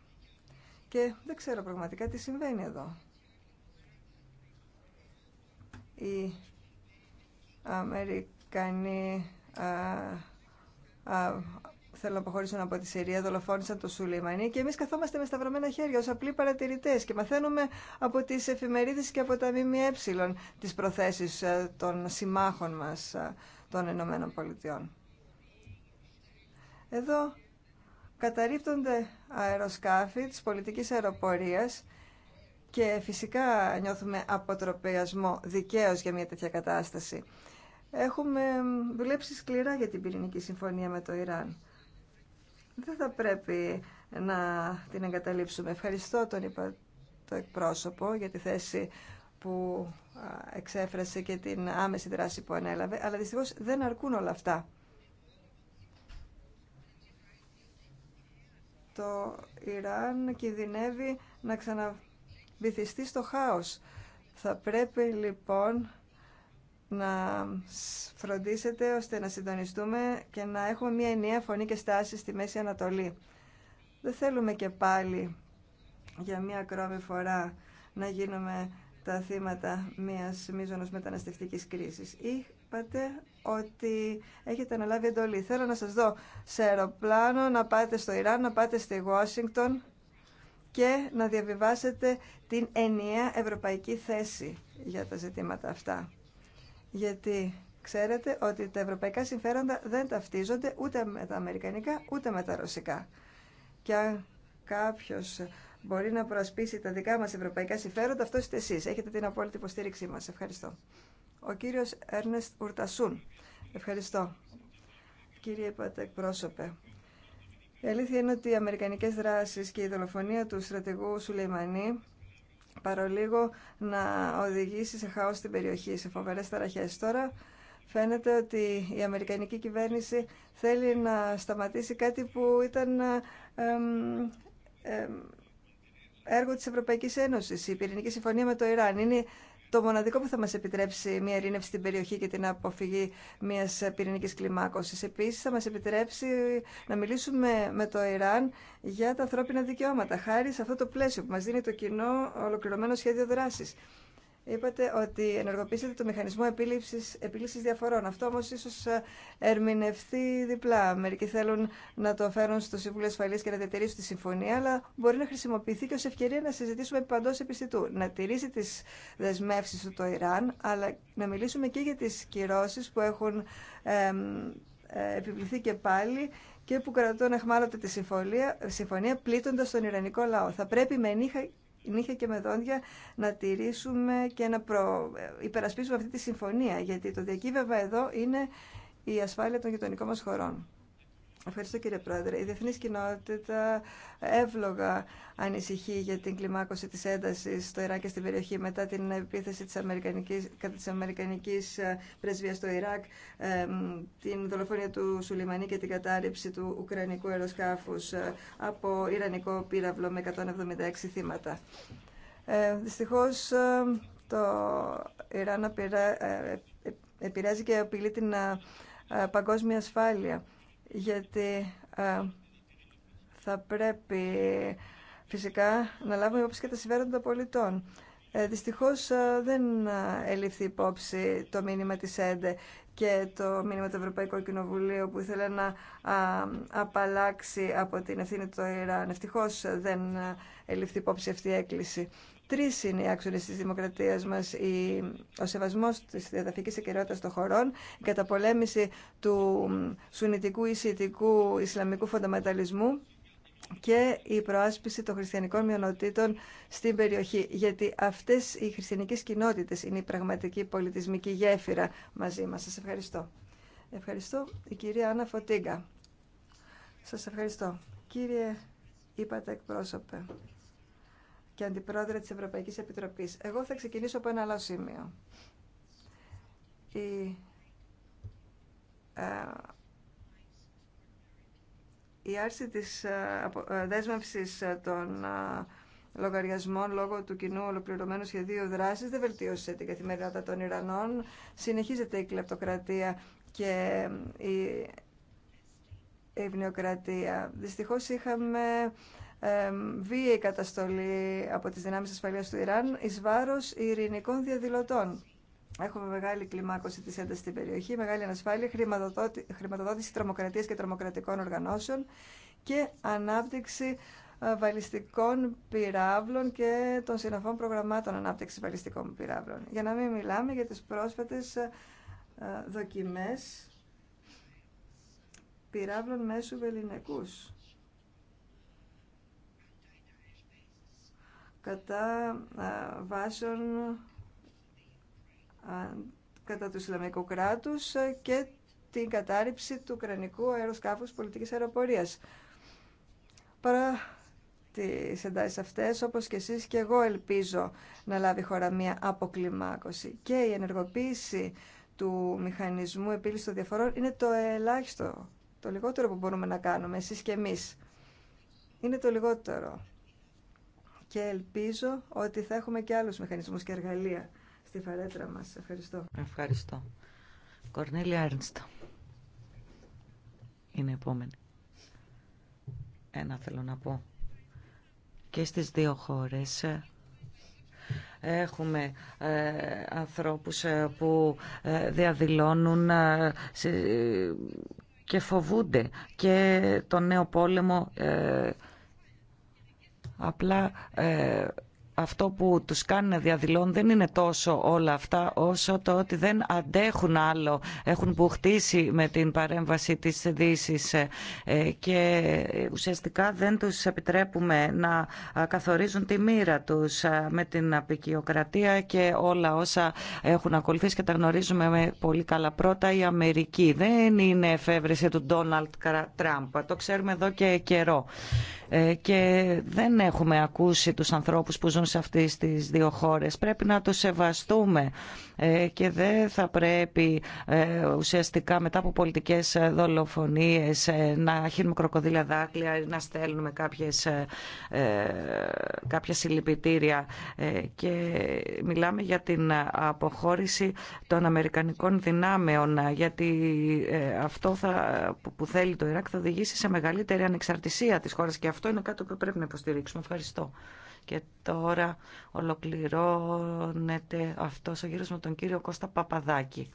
Και δεν ξέρω πραγματικά τι συμβαίνει εδώ. Οι Αμερικανοί θέλουν να αποχωρήσουν από τη Συρία, δολοφόνησαν τον Σουλήμανι και εμεί καθόμαστε με σταυρωμένα χέρια ω απλοί παρατηρητέ και μαθαίνουμε από τι εφημερίδε και από τα ΜΜΕ τι προθέσει ε, των συμμάχων μα ε, των Ηνωμένων Πολιτειών. Εδώ καταρρίπτονται αεροσκάφη της πολιτικής αεροπορίας και φυσικά νιώθουμε αποτροπιασμό δικαίως για μια τέτοια κατάσταση. Έχουμε δουλέψει σκληρά για την πυρηνική συμφωνία με το Ιράν δεν θα πρέπει να την εγκαταλείψουμε. Ευχαριστώ τον είπα το εκπρόσωπο για τη θέση που εξέφρασε και την άμεση δράση που ανέλαβε, αλλά δυστυχώς δεν αρκούν όλα αυτά. Το Ιράν κινδυνεύει να ξαναβυθιστεί στο χάος. Θα πρέπει λοιπόν να φροντίσετε ώστε να συντονιστούμε και να έχουμε μια ενιαία φωνή και στάση στη Μέση Ανατολή. Δεν θέλουμε και πάλι για μια ακρόμη φορά να γίνουμε τα θύματα μιας μείζωνος μεταναστευτικής κρίσης. Είπατε ότι έχετε αναλάβει εντολή. Θέλω να σας δω σε αεροπλάνο, να πάτε στο Ιράν, να πάτε στη Washington και να διαβιβάσετε την ενιαία ευρωπαϊκή θέση για τα ζητήματα αυτά γιατί ξέρετε ότι τα ευρωπαϊκά συμφέροντα δεν ταυτίζονται ούτε με τα αμερικανικά ούτε με τα ρωσικά. Και αν κάποιος μπορεί να προασπίσει τα δικά μας ευρωπαϊκά συμφέροντα, αυτό είστε εσεί. Έχετε την απόλυτη υποστήριξή μας. Ευχαριστώ. Ο κύριος Έρνεστ Ουρτασούν. Ευχαριστώ. Κύριε Πατεκπρόσωπε, η αλήθεια είναι ότι οι αμερικανικές δράσεις και η δολοφονία του στρατηγού Σουλεϊμανή παρολίγο να οδηγήσει σε χάος στην περιοχή, σε φοβερές ταραχές. Τώρα φαίνεται ότι η Αμερικανική κυβέρνηση θέλει να σταματήσει κάτι που ήταν έργο της Ευρωπαϊκής Ένωσης, η πυρηνική συμφωνία με το Ιράν. Είναι το μοναδικό που θα μας επιτρέψει μια ειρήνευση στην περιοχή και την αποφυγή μιας πυρηνικής κλιμάκωσης. Επίσης θα μας επιτρέψει να μιλήσουμε με το Ιράν για τα ανθρώπινα δικαιώματα, χάρη σε αυτό το πλαίσιο που μας δίνει το κοινό ολοκληρωμένο σχέδιο δράσης. Είπατε ότι ενεργοποίησατε το μηχανισμό επίλυσης, επίλυσης διαφορών. Αυτό όμως ίσως ε, ερμηνευτεί διπλά. Μερικοί θέλουν να το φέρουν στο Σύμβουλο Ασφαλείας και να διατηρήσουν τη συμφωνία, αλλά μπορεί να χρησιμοποιηθεί και ως ευκαιρία να συζητήσουμε παντός επιστητού. Να τηρήσει τις δεσμεύσεις του το Ιράν, αλλά να μιλήσουμε και για τις κυρώσεις που έχουν ε, επιβληθεί και πάλι και που κρατούν αχμάλωτα τη συμφωνία, συμφωνία πλήττοντας τον Ιρανικό λαό. Θα πρέπει με νύχα νύχια και με δόντια να τηρήσουμε και να υπερασπίσουμε αυτή τη συμφωνία, γιατί το διακύβευμα εδώ είναι η ασφάλεια των γειτονικών μας χωρών. Ευχαριστώ κύριε Πρόεδρε. Η διεθνή κοινότητα εύλογα ανησυχεί για την κλιμάκωση της έντασης στο Ιράκ και στην περιοχή μετά την επίθεση της Αμερικανικής, κατά της Αμερικανικής ε, πρεσβείας στο Ιράκ, ε, την δολοφονία του Σουλημανί και την κατάρριψη του Ουκρανικού αεροσκάφους ε, από Ιρανικό πύραυλο με 176 θύματα. Ε, δυστυχώς το Ιράν επηρεάζει και απειλεί την παγκόσμια ασφάλεια γιατί ε, θα πρέπει φυσικά να λάβουμε υπόψη και τα συμφέροντα των πολιτών. Ε, δυστυχώς ε, δεν ε, ελήφθη υπόψη το μήνυμα της ΕΝΤΕ και το μήνυμα του Ευρωπαϊκού Κοινοβουλίου που ήθελε να απαλλάξει από την ευθύνη του Ιράν. Ευτυχώς δεν ελήφθη υπόψη αυτή η έκκληση. Τρεις είναι οι άξονες της δημοκρατίας μας. ο σεβασμός της διαταφικής εκαιρεότητας των χωρών, η καταπολέμηση του σουνητικού ισητικού, ισλαμικού φονταματαλισμού και η προάσπιση των χριστιανικών μειονοτήτων στην περιοχή. Γιατί αυτές οι χριστιανικές κοινότητες είναι η πραγματική πολιτισμική γέφυρα μαζί μας. Σας ευχαριστώ. Ευχαριστώ η κυρία Άννα Φωτίγκα. Σας ευχαριστώ. Κύριε είπατε εκπρόσωπε και Αντιπρόεδρε της Ευρωπαϊκής Επιτροπής. Εγώ θα ξεκινήσω από ένα άλλο σημείο. Η, ε, η άρση της ε, ε δέσμευσης ε, των ε, λογαριασμών λόγω του κοινού ολοκληρωμένου σχεδίου δράσης δεν βελτίωσε την καθημερινότητα των Ιρανών. Συνεχίζεται η κλεπτοκρατία και η ευνοιοκρατία. Δυστυχώς είχαμε βίαιη καταστολή από τις δυνάμεις ασφαλείας του Ιράν εις βάρος ειρηνικών διαδηλωτών. Έχουμε μεγάλη κλιμάκωση της έντασης στην περιοχή, μεγάλη ανασφάλεια, χρηματοδότηση τρομοκρατίας και τρομοκρατικών οργανώσεων και ανάπτυξη ε, βαλιστικών πυράβλων και των συναφών προγραμμάτων ανάπτυξης βαλιστικών πυράβλων. Για να μην μιλάμε για τις πρόσφατες ε, ε, δοκιμές πυράβλων μέσου βεληνικούς κατά βάσεων κατά του Ισλαμικού κράτους και την κατάρριψη του κρανικού αεροσκάφους πολιτικής αεροπορίας. Παρά τις εντάσεις αυτές, όπως και εσείς και εγώ ελπίζω να λάβει χώρα μια αποκλιμάκωση. Και η ενεργοποίηση του μηχανισμού επίλυσης των διαφορών είναι το ελάχιστο, το λιγότερο που μπορούμε να κάνουμε, εσείς και εμείς. Είναι το λιγότερο και ελπίζω ότι θα έχουμε και άλλους μηχανισμούς και εργαλεία στη φαρέτρα μας. Ευχαριστώ. Ευχαριστώ. Κορνέλια Έρνστο. Είναι επόμενη. Ένα θέλω να πω. Και στις δύο χώρες ε, Έχουμε ε, ανθρώπους ε, που ε, διαδηλώνουν και φοβούνται και το νέο πόλεμο Απλά ε, αυτό που τους κάνει να διαδηλώνουν δεν είναι τόσο όλα αυτά όσο το ότι δεν αντέχουν άλλο. Έχουν πουχτήσει με την παρέμβαση της δύση ε, ε, και ουσιαστικά δεν τους επιτρέπουμε να καθορίζουν τη μοίρα τους με την απεικιοκρατία και όλα όσα έχουν ακολουθήσει και τα γνωρίζουμε με πολύ καλά. Πρώτα η Αμερική δεν είναι εφεύρεση του Ντόναλτ Τραμπ. Το ξέρουμε εδώ και καιρό. Ε, και δεν έχουμε ακούσει τους ανθρώπους που ζουν σε αυτές τις δύο χώρες. Πρέπει να τους σεβαστούμε ε, και δεν θα πρέπει ε, ουσιαστικά μετά από πολιτικές δολοφονίες να χύνουμε κροκοδίλα δάκλια ή να στέλνουμε κάποιες, κάποια συλληπιτήρια και μιλάμε για την αποχώρηση των Αμερικανικών δυνάμεων γιατί αυτό θα, που θέλει το Ιράκ θα οδηγήσει σε μεγαλύτερη ανεξαρτησία της χώρας αυτό είναι κάτι που πρέπει να υποστηρίξουμε. Ευχαριστώ. Και τώρα ολοκληρώνεται αυτό ο γύρος με τον κύριο Κώστα Παπαδάκη.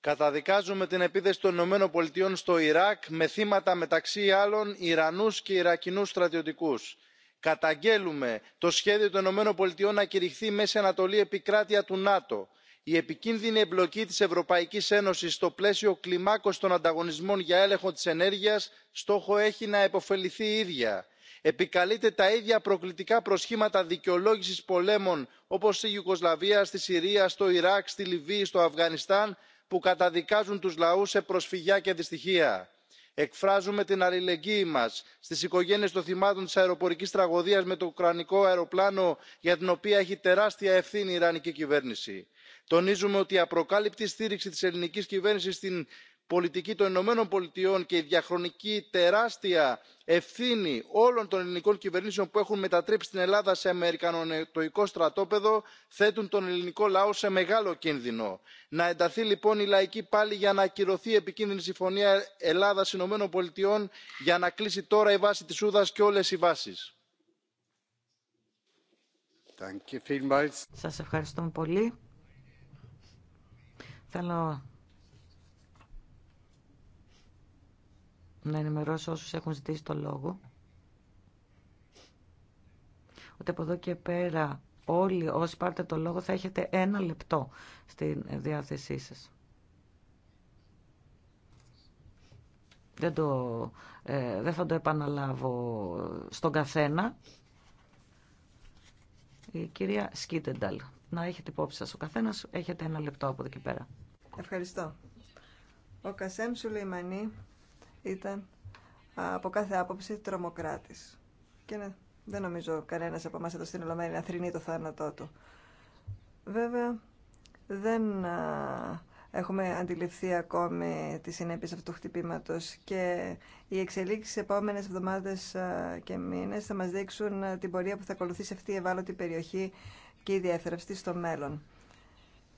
Καταδικάζουμε την επίθεση των Ηνωμένων Πολιτειών στο Ιράκ με θύματα μεταξύ άλλων Ιρανούς και Ιρακινούς στρατιωτικούς. Καταγγέλουμε το σχέδιο των Ηνωμένων Πολιτειών να κηρυχθεί Ανατολή επικράτεια του ΝΑΤΟ η επικίνδυνη εμπλοκή της ευρωπαϊκής ένωσης στο πλαίσιο κλιμάκωσης των ανταγωνισμών για έλεγχο της ενέργειας στόχο έχει να επωφεληθεί η ίδια. επικαλείται τα ίδια προκλητικά προσχήματα δικαιολόγησης πολέμων όπως στη ιουγκοσλαβία στη συρία στο ιράκ στη λιβύη στο αφγανιστάν που καταδικάζουν τους λαούς σε προσφυγιά και δυστυχία. εκφράζουμε την αλληλεγγύη μας στις οικογένειες των θυμάτων της αεροπορικής τραγωδίας με το ουκρανικό αεροπλάνο για την οποία έχει τεράστια ευθύνη η ιρανική κυβέρνηση τονίζουμε ότι η απροκάλυπτη στήριξη της ελληνικής κυβέρνησης στην πολιτική των ηνωμένων πολιτειών και η διαχρονική τεράστια ευθύνη όλων των ελληνικών κυβερνήσεων που έχουν μετατρέψει την ελλάδα σε αμερικανονοτοϊκό στρατόπεδο θέτουν τον ελληνικό λαό σε μεγάλο κίνδυνο. να ενταθεί λοιπόν η λαϊκή πάλη για να ακυρωθεί η επικίνδυνη συμφωνία Ελλάδα ηνωμένων πολιτειών για να κλείσει τώρα η βάση της ούδας και όλες οι βάσεις. Σας ευχαριστώ πολύ. Θέλω να ενημερώσω όσους έχουν ζητήσει το λόγο ότι από εδώ και πέρα όλοι όσοι πάρτε το λόγο θα έχετε ένα λεπτό στη διάθεσή σας. Δεν, το, ε, δεν θα το επαναλάβω στον καθένα. Η κυρία Σκίτενταλ, να έχετε υπόψη σας. Ο καθένας έχετε ένα λεπτό από εδώ πέρα. Ευχαριστώ. Ο Κασέμ Σουλεϊμανή ήταν από κάθε άποψη τρομοκράτης. Και ναι, δεν νομίζω κανένας από εμάς εδώ στην Ολομέλη να θρυνεί το θάνατό του. Βέβαια, δεν έχουμε αντιληφθεί ακόμη τη συνέπειες αυτού του χτυπήματος και οι εξελίξεις επόμενες εβδομάδες και μήνες θα μας δείξουν την πορεία που θα ακολουθήσει αυτή η ευάλωτη περιοχή και ιδιαίτερα στο μέλλον.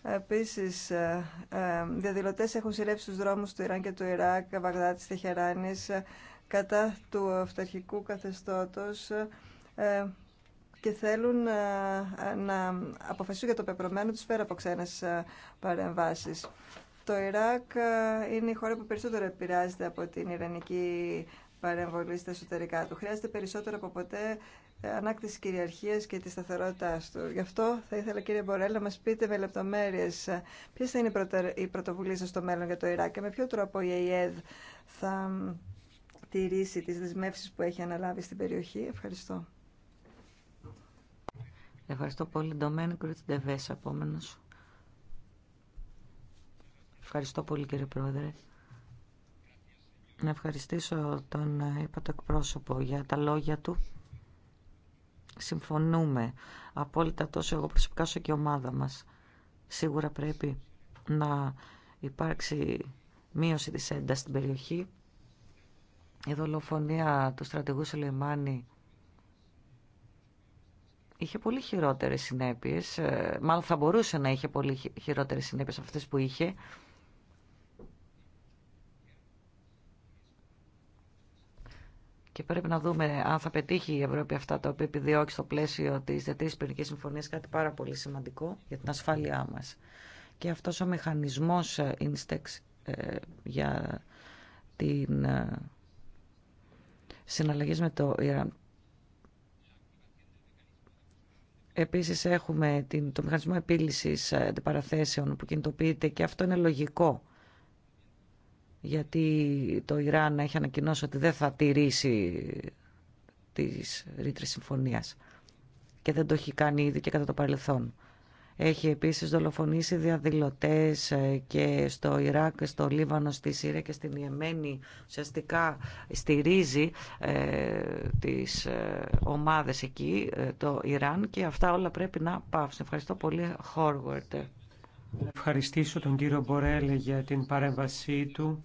Επίση, ε, ε, διαδηλωτέ έχουν συλλέψει του δρόμου του Ιράν και του Ιράκ, Βαγδάτη, Τεχεράνη, ε, κατά του αυταρχικού καθεστώτο και θέλουν να αποφασίσουν για το πεπρωμένο τους πέρα από ξένε παρεμβάσει. Το Ιράκ είναι η χώρα που περισσότερο επηρεάζεται από την Ιρανική παρεμβολή στα εσωτερικά του. Χρειάζεται περισσότερο από ποτέ ανάκτηση κυριαρχίας και τη σταθερότητά του. Γι' αυτό θα ήθελα κύριε Μπορέλ να μας πείτε με λεπτομέρειες ε, ποιες θα είναι οι πρωτοβουλίες σας στο μέλλον για το Ιράκ και με ποιο τρόπο η ΑΕΔ θα τηρήσει τις δεσμεύσεις που έχει αναλάβει στην περιοχή. Ευχαριστώ. Ευχαριστώ πολύ. επόμενος. Ευχαριστώ πολύ κύριε Πρόεδρε. Να ευχαριστήσω τον ε, είπα για τα λόγια του Συμφωνούμε απόλυτα τόσο εγώ προσωπικά όσο και η ομάδα μας. Σίγουρα πρέπει να υπάρξει μείωση της έντασης στην περιοχή. Η δολοφονία του στρατηγού Σουλεϊμάνη είχε πολύ χειρότερες συνέπειες, ε, μάλλον θα μπορούσε να είχε πολύ χειρότερες συνέπειες αυτές που είχε, Και πρέπει να δούμε αν θα πετύχει η Ευρώπη αυτά τα οποία επιδιώκει στο πλαίσιο τη Δετής Πυρηνική Συμφωνία, κάτι πάρα πολύ σημαντικό για την ασφάλειά μα. Και αυτό ο μηχανισμό ε, Instex ε, για την ε, συναλλαγή με το Ιράν. Επίσης έχουμε την, το μηχανισμό επίλυσης αντιπαραθέσεων που κινητοποιείται και αυτό είναι λογικό γιατί το Ιράν έχει ανακοινώσει ότι δεν θα τηρήσει τις ρήτρες συμφωνίας και δεν το έχει κάνει ήδη και κατά το παρελθόν. Έχει επίσης δολοφονήσει διαδηλωτές ε, και στο Ιράκ, στο Λίβανο, στη Σύρια και στην Ιεμένη. Ουσιαστικά στηρίζει ε, τις ε, ομάδες εκεί, ε, το Ιράν και αυτά όλα πρέπει να πάψουν. Ευχαριστώ πολύ, Χόργουερτ. Ευχαριστήσω τον κύριο Μπορέλ για την παρέμβασή του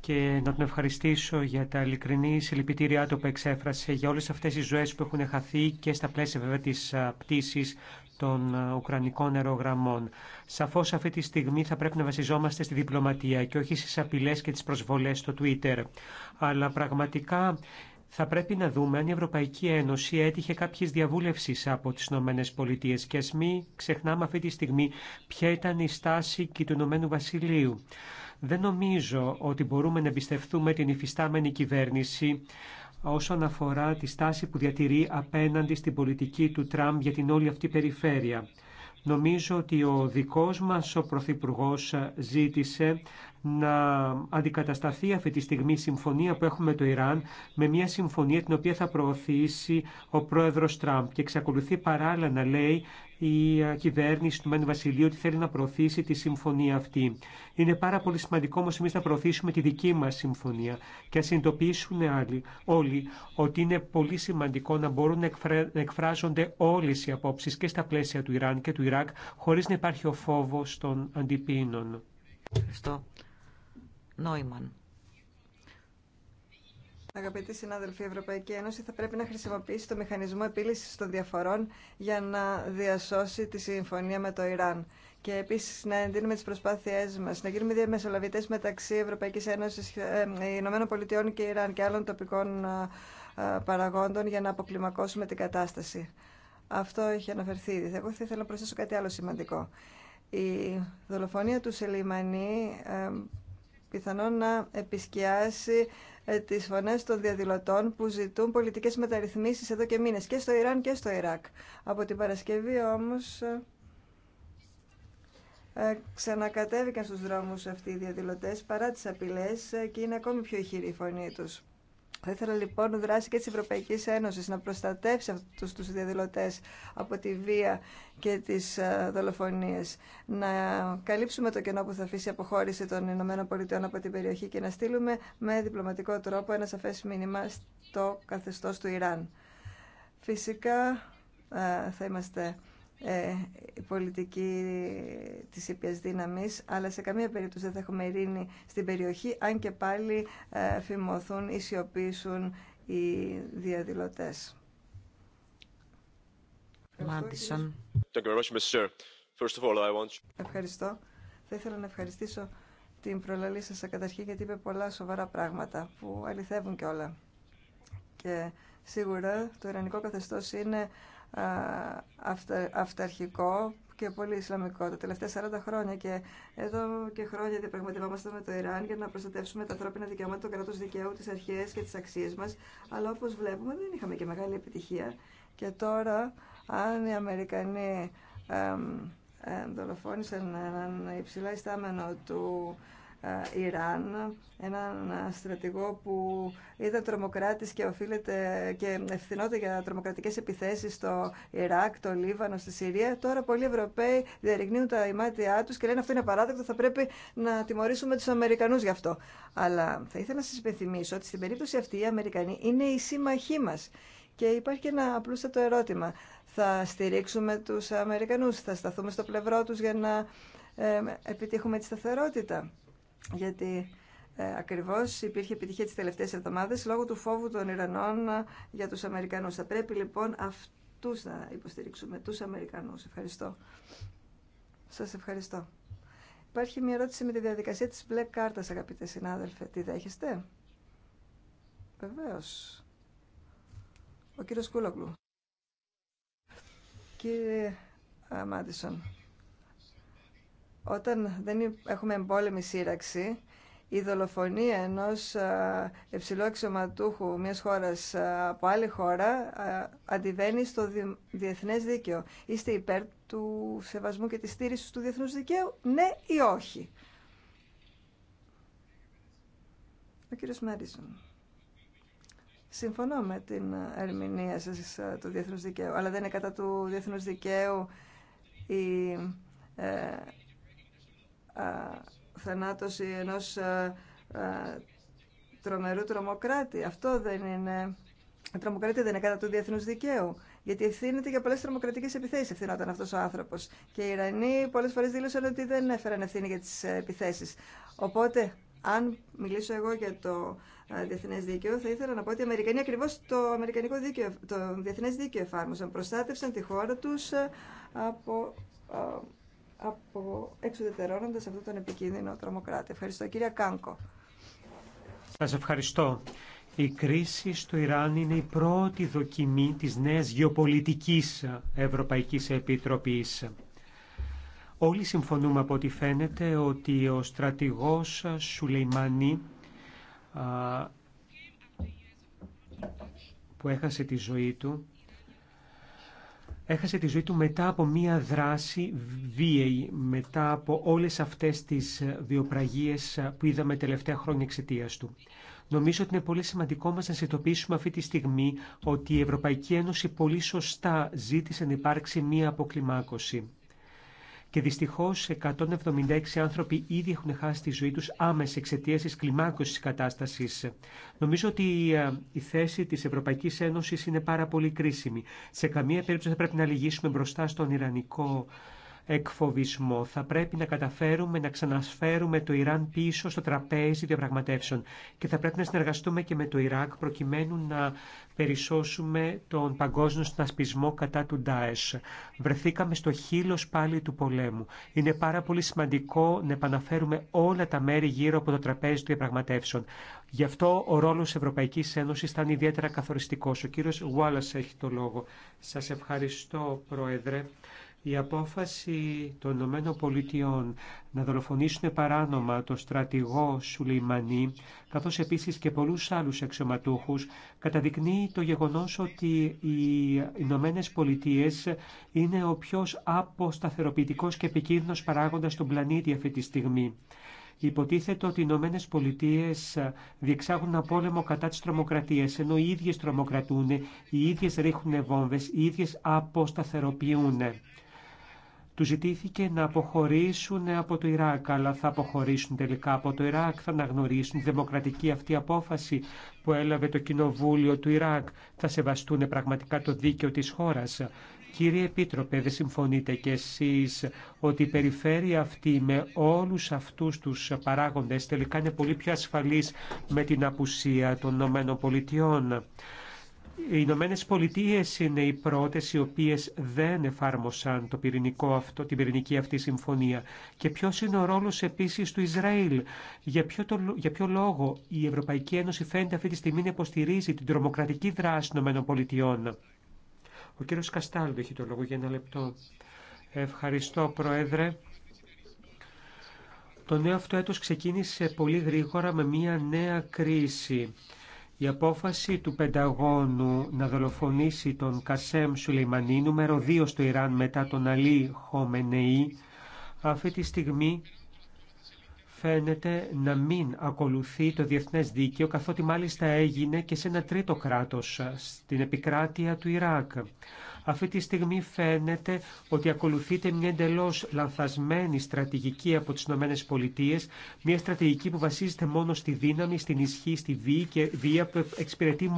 και να τον ευχαριστήσω για τα ειλικρινή συλληπιτήριά του που εξέφρασε για όλες αυτές τις ζωές που έχουν χαθεί και στα πλαίσια βέβαια της πτήσης των Ουκρανικών αερογραμμών. Σαφώς αυτή τη στιγμή θα πρέπει να βασιζόμαστε στη διπλωματία και όχι στις απειλές και τις προσβολές στο Twitter. Αλλά πραγματικά θα πρέπει να δούμε αν η Ευρωπαϊκή Ένωση έτυχε κάποιες διαβούλευσεις από τις Ηνωμένες Πολιτείες και ας μην ξεχνάμε αυτή τη στιγμή ποια ήταν η στάση και του Ηνωμένου Βασιλείου. Δεν νομίζω ότι μπορούμε να εμπιστευτούμε την υφιστάμενη κυβέρνηση όσον αφορά τη στάση που διατηρεί απέναντι στην πολιτική του Τραμπ για την όλη αυτή περιφέρεια. Νομίζω ότι ο δικός μας ο Πρωθυπουργό ζήτησε να αντικατασταθεί αυτή τη στιγμή η συμφωνία που έχουμε με το Ιράν με μια συμφωνία την οποία θα προωθήσει ο πρόεδρος Τραμπ και εξακολουθεί παράλληλα να λέει η ε, κυβέρνηση του Μένου Βασιλείου ότι θέλει να προωθήσει τη συμφωνία αυτή. Είναι πάρα πολύ σημαντικό όμω εμεί να προωθήσουμε τη δική μα συμφωνία και να συνειδητοποιήσουν άλλοι, όλοι ότι είναι πολύ σημαντικό να μπορούν να, εκφράζονται όλε οι απόψει και στα πλαίσια του Ιράν και του Ιράκ χωρί να υπάρχει ο φόβο των αντιπίνων. Ευχαριστώ. Νόημαν. Αγαπητοί συνάδελφοι, η Ευρωπαϊκή Ένωση θα πρέπει να χρησιμοποιήσει το μηχανισμό επίλυση των διαφορών για να διασώσει τη συμφωνία με το Ιράν. Και επίση να εντείνουμε τι προσπάθειέ μα, να γίνουμε διαμεσολαβητέ μεταξύ Ευρωπαϊκή Ένωση, ε, ε, Ηνωμένων Πολιτειών και Ιράν και άλλων τοπικών ε, παραγόντων για να αποκλιμακώσουμε την κατάσταση. Αυτό έχει αναφερθεί ήδη. Εγώ θα ήθελα να προσθέσω κάτι άλλο σημαντικό. Η δολοφονία του Σελιμανί πιθανόν να επισκιάσει ε, τις φωνές των διαδηλωτών που ζητούν πολιτικές μεταρρυθμίσεις εδώ και μήνες και στο Ιράν και στο Ιράκ. Από την Παρασκευή όμως ε, ε, ξανακατέβηκαν στους δρόμους αυτοί οι διαδηλωτές παρά τις απειλές και είναι ακόμη πιο ηχηρή η φωνή τους. Θα ήθελα λοιπόν δράση και τη Ευρωπαϊκή Ένωση να προστατεύσει αυτού του διαδηλωτέ από τη βία και τι ε, δολοφονίε. Να καλύψουμε το κενό που θα αφήσει η αποχώρηση των Ηνωμένων Πολιτειών από την περιοχή και να στείλουμε με διπλωματικό τρόπο ένα σαφέ μήνυμα στο καθεστώς του Ιράν. Φυσικά ε, θα είμαστε ε, η πολιτική της ήπιας δύναμης, αλλά σε καμία περίπτωση δεν θα έχουμε ειρήνη στην περιοχή, αν και πάλι ε, φημωθούν ή σιωπήσουν οι διαδηλωτές. Ευχαριστώ. Θα ήθελα να ευχαριστήσω την προλαλή σας καταρχήν γιατί είπε πολλά σοβαρά πράγματα που αληθεύουν και όλα. Και σίγουρα το ιρανικό καθεστώς είναι αυταρχικό και πολύ Ισλαμικό τα τελευταία 40 χρόνια και εδώ και χρόνια διαπραγματευόμαστε με το Ιράν για να προστατεύσουμε τα ανθρώπινα δικαιώματα, το κράτο δικαίου, τι αρχέ και τι αξίε μα. Αλλά όπω βλέπουμε δεν είχαμε και μεγάλη επιτυχία. Και τώρα, αν οι Αμερικανοί δολοφόνησαν έναν υψηλά ιστάμενο του Ιράν, έναν στρατηγό που ήταν τρομοκράτης και οφείλεται και ευθυνόταν για τρομοκρατικές επιθέσεις στο Ιράκ, το Λίβανο, στη Συρία. Τώρα πολλοί Ευρωπαίοι διαρριγνύουν τα ημάτια τους και λένε αυτό είναι παράδεκτο, θα πρέπει να τιμωρήσουμε τους Αμερικανούς γι' αυτό. Αλλά θα ήθελα να σας υπενθυμίσω ότι στην περίπτωση αυτή οι Αμερικανοί είναι οι σύμμαχοί μας. Και υπάρχει και ένα απλούστατο ερώτημα. Θα στηρίξουμε τους Αμερικανούς, θα σταθούμε στο πλευρό τους για να ε, επιτύχουμε τη σταθερότητα γιατί ε, ακριβώς υπήρχε επιτυχία τις τελευταίες εβδομάδες λόγω του φόβου των Ιρανών ε, για τους Αμερικανούς. Θα πρέπει λοιπόν αυτούς να υποστηρίξουμε, τους Αμερικανούς. Ευχαριστώ. Σας ευχαριστώ. Υπάρχει μια ερώτηση με τη διαδικασία της μπλε κάρτας, αγαπητέ συνάδελφε. Τη δέχεστε? Βεβαίως. Ο κύριος Κούλογλου. Κύριε ε, Μάντισον, όταν δεν έχουμε εμπόλεμη σύραξη, η δολοφονία ενός υψηλού αξιωματούχου μιας χώρας από άλλη χώρα αντιβαίνει στο διεθνές δίκαιο. Είστε υπέρ του σεβασμού και της στήρισης του διεθνούς δικαίου, ναι ή όχι. Ο κύριος Μαρίζων. Συμφωνώ με την ερμηνεία σας του διεθνούς δικαίου, αλλά δεν είναι κατά του διεθνούς δικαίου η ε, θανάτωση ενός τρομερού τρομοκράτη. Αυτό δεν είναι... Η δεν είναι κατά του διεθνού δικαίου. Γιατί ευθύνεται για πολλέ τρομοκρατικέ επιθέσει, ευθυνόταν αυτό ο άνθρωπο. Και οι Ιρανοί πολλέ φορέ δήλωσαν ότι δεν έφεραν ευθύνη για τι ε, επιθέσει. Οπότε, αν μιλήσω εγώ για το ε, διεθνέ δίκαιο, θα ήθελα να πω ότι οι Αμερικανοί ακριβώ το αμερικανικό δίκαιο, το διεθνέ δίκαιο εφάρμοσαν. Προστάτευσαν τη χώρα του ε, από από εξουδετερώνοντας αυτόν τον επικίνδυνο τρομοκράτη. Ευχαριστώ Κύριε Κάνκο. Σας ευχαριστώ. Η κρίση στο Ιράν είναι η πρώτη δοκιμή της νέας γεωπολιτικής Ευρωπαϊκής Επιτροπής. Όλοι συμφωνούμε από ό,τι φαίνεται ότι ο στρατηγός Σουλεϊμανή που έχασε τη ζωή του έχασε τη ζωή του μετά από μία δράση βίαιη, μετά από όλες αυτές τις βιοπραγίες που είδαμε τελευταία χρόνια εξαιτία του. Νομίζω ότι είναι πολύ σημαντικό μας να συνειδητοποιήσουμε αυτή τη στιγμή ότι η Ευρωπαϊκή Ένωση πολύ σωστά ζήτησε να υπάρξει μία αποκλιμάκωση και δυστυχώ, 176 άνθρωποι ήδη έχουν χάσει τη ζωή τους άμεσα εξαιτία τη κλιμάκωση τη κατάστασης. Νομίζω ότι ε, η θέση της Ευρωπαϊκής Ένωσης είναι πάρα πολύ κρίσιμη. Σε καμία περίπτωση δεν πρέπει να λυγίσουμε μπροστά στον Ιρανικό εκφοβισμό. Θα πρέπει να καταφέρουμε να ξανασφέρουμε το Ιράν πίσω στο τραπέζι διαπραγματεύσεων και θα πρέπει να συνεργαστούμε και με το Ιράκ προκειμένου να περισσώσουμε τον παγκόσμιο συνασπισμό κατά του Ντάεσ. Βρεθήκαμε στο χείλο πάλι του πολέμου. Είναι πάρα πολύ σημαντικό να επαναφέρουμε όλα τα μέρη γύρω από το τραπέζι του διαπραγματεύσεων. Γι' αυτό ο ρόλο Ευρωπαϊκή Ένωση Ένωσης ήταν ιδιαίτερα καθοριστικό. Ο κύριο Γουάλλα έχει το λόγο. Σα ευχαριστώ, Πρόεδρε. Η απόφαση των Ηνωμένων Πολιτειών να δολοφονήσουν παράνομα τον στρατηγό Σουλημανή καθώς επίσης και πολλούς άλλους εξωματούχους, καταδεικνύει το γεγονός ότι οι Ηνωμένε Πολιτείε είναι ο πιο αποσταθεροποιητικός και επικίνδυνος παράγοντας στον πλανήτη αυτή τη στιγμή. Υποτίθεται ότι οι Ηνωμένε Πολιτείε διεξάγουν ένα πόλεμο κατά τη τρομοκρατία, ενώ οι ίδιε τρομοκρατούν, οι ίδιε ρίχνουν βόμβε, οι ίδιε αποσταθεροποιούν. Του ζητήθηκε να αποχωρήσουν από το Ιράκ, αλλά θα αποχωρήσουν τελικά από το Ιράκ, θα αναγνωρίσουν τη δημοκρατική αυτή απόφαση που έλαβε το Κοινοβούλιο του Ιράκ, θα σεβαστούν πραγματικά το δίκαιο της χώρας. Κύριε Επίτροπε, δεν συμφωνείτε κι εσείς ότι η περιφέρεια αυτή με όλους αυτούς τους παράγοντες τελικά είναι πολύ πιο ασφαλής με την απουσία των ΗΠΑ. Οι Ηνωμένε Πολιτείε είναι οι πρώτε οι οποίε δεν εφάρμοσαν το πυρηνικό αυτό, την πυρηνική αυτή συμφωνία. Και ποιο είναι ο ρόλο επίση του Ισραήλ. Για ποιο, το, για ποιο λόγο η Ευρωπαϊκή Ένωση φαίνεται αυτή τη στιγμή να υποστηρίζει την τρομοκρατική δράση των Ηνωμένων Πολιτειών. Ο κύριος Καστάλντο έχει το λόγο για ένα λεπτό. Ευχαριστώ, Πρόεδρε. Το νέο αυτό έτος ξεκίνησε πολύ γρήγορα με μια νέα κρίση. Η απόφαση του Πενταγώνου να δολοφονήσει τον Κασέμ Σουλεϊμανί, νούμερο 2 στο Ιράν μετά τον Αλή Χομενεή, αυτή τη στιγμή φαίνεται να μην ακολουθεί το διεθνές δίκαιο, καθότι μάλιστα έγινε και σε ένα τρίτο κράτος, στην επικράτεια του Ιράκ. Αυτή τη στιγμή φαίνεται ότι ακολουθείται μια εντελώ λανθασμένη στρατηγική από τι ΗΠΑ, μια στρατηγική που βασίζεται μόνο στη δύναμη, στην ισχύ, στη βία και βία που εξυπηρετεί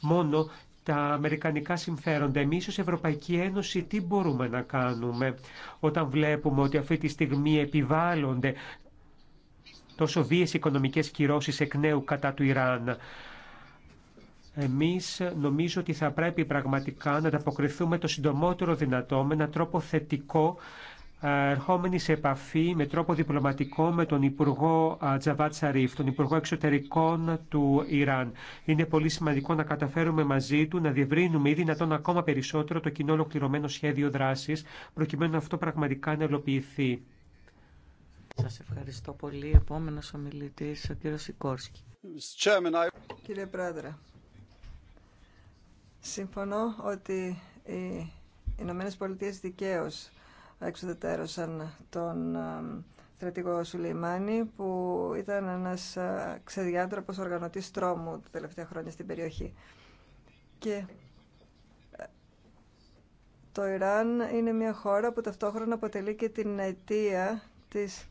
μόνο, τα αμερικανικά συμφέροντα. Εμείς ως Ευρωπαϊκή Ένωση τι μπορούμε να κάνουμε όταν βλέπουμε ότι αυτή τη στιγμή επιβάλλονται τόσο βίες οικονομικές κυρώσεις εκ νέου κατά του Ιράν. Εμείς νομίζω ότι θα πρέπει πραγματικά να ανταποκριθούμε το συντομότερο δυνατό με έναν τρόπο θετικό ε, ερχόμενοι σε επαφή με τρόπο διπλωματικό με τον Υπουργό ε, Τζαβάτ Σαρίφ, τον Υπουργό Εξωτερικών του Ιράν. Είναι πολύ σημαντικό να καταφέρουμε μαζί του να διευρύνουμε ή δυνατόν ακόμα περισσότερο το κοινό ολοκληρωμένο σχέδιο δράσης, προκειμένου αυτό πραγματικά να ελοποιηθεί. Σας ευχαριστώ πολύ. Επόμενος ομιλητής, ο κύριος Σικόρσκι. Κύριε Πρόεδρε. Συμφωνώ ότι οι Ηνωμένε Πολιτείε δικαίω εξουδετερώσαν τον ε, στρατηγό Σουλεϊμάνη που ήταν ένας ε, ξεδιάντροπος οργανωτής τρόμου τα τελευταία χρόνια στην περιοχή. Και ε, το Ιράν είναι μια χώρα που ταυτόχρονα αποτελεί και την αιτία της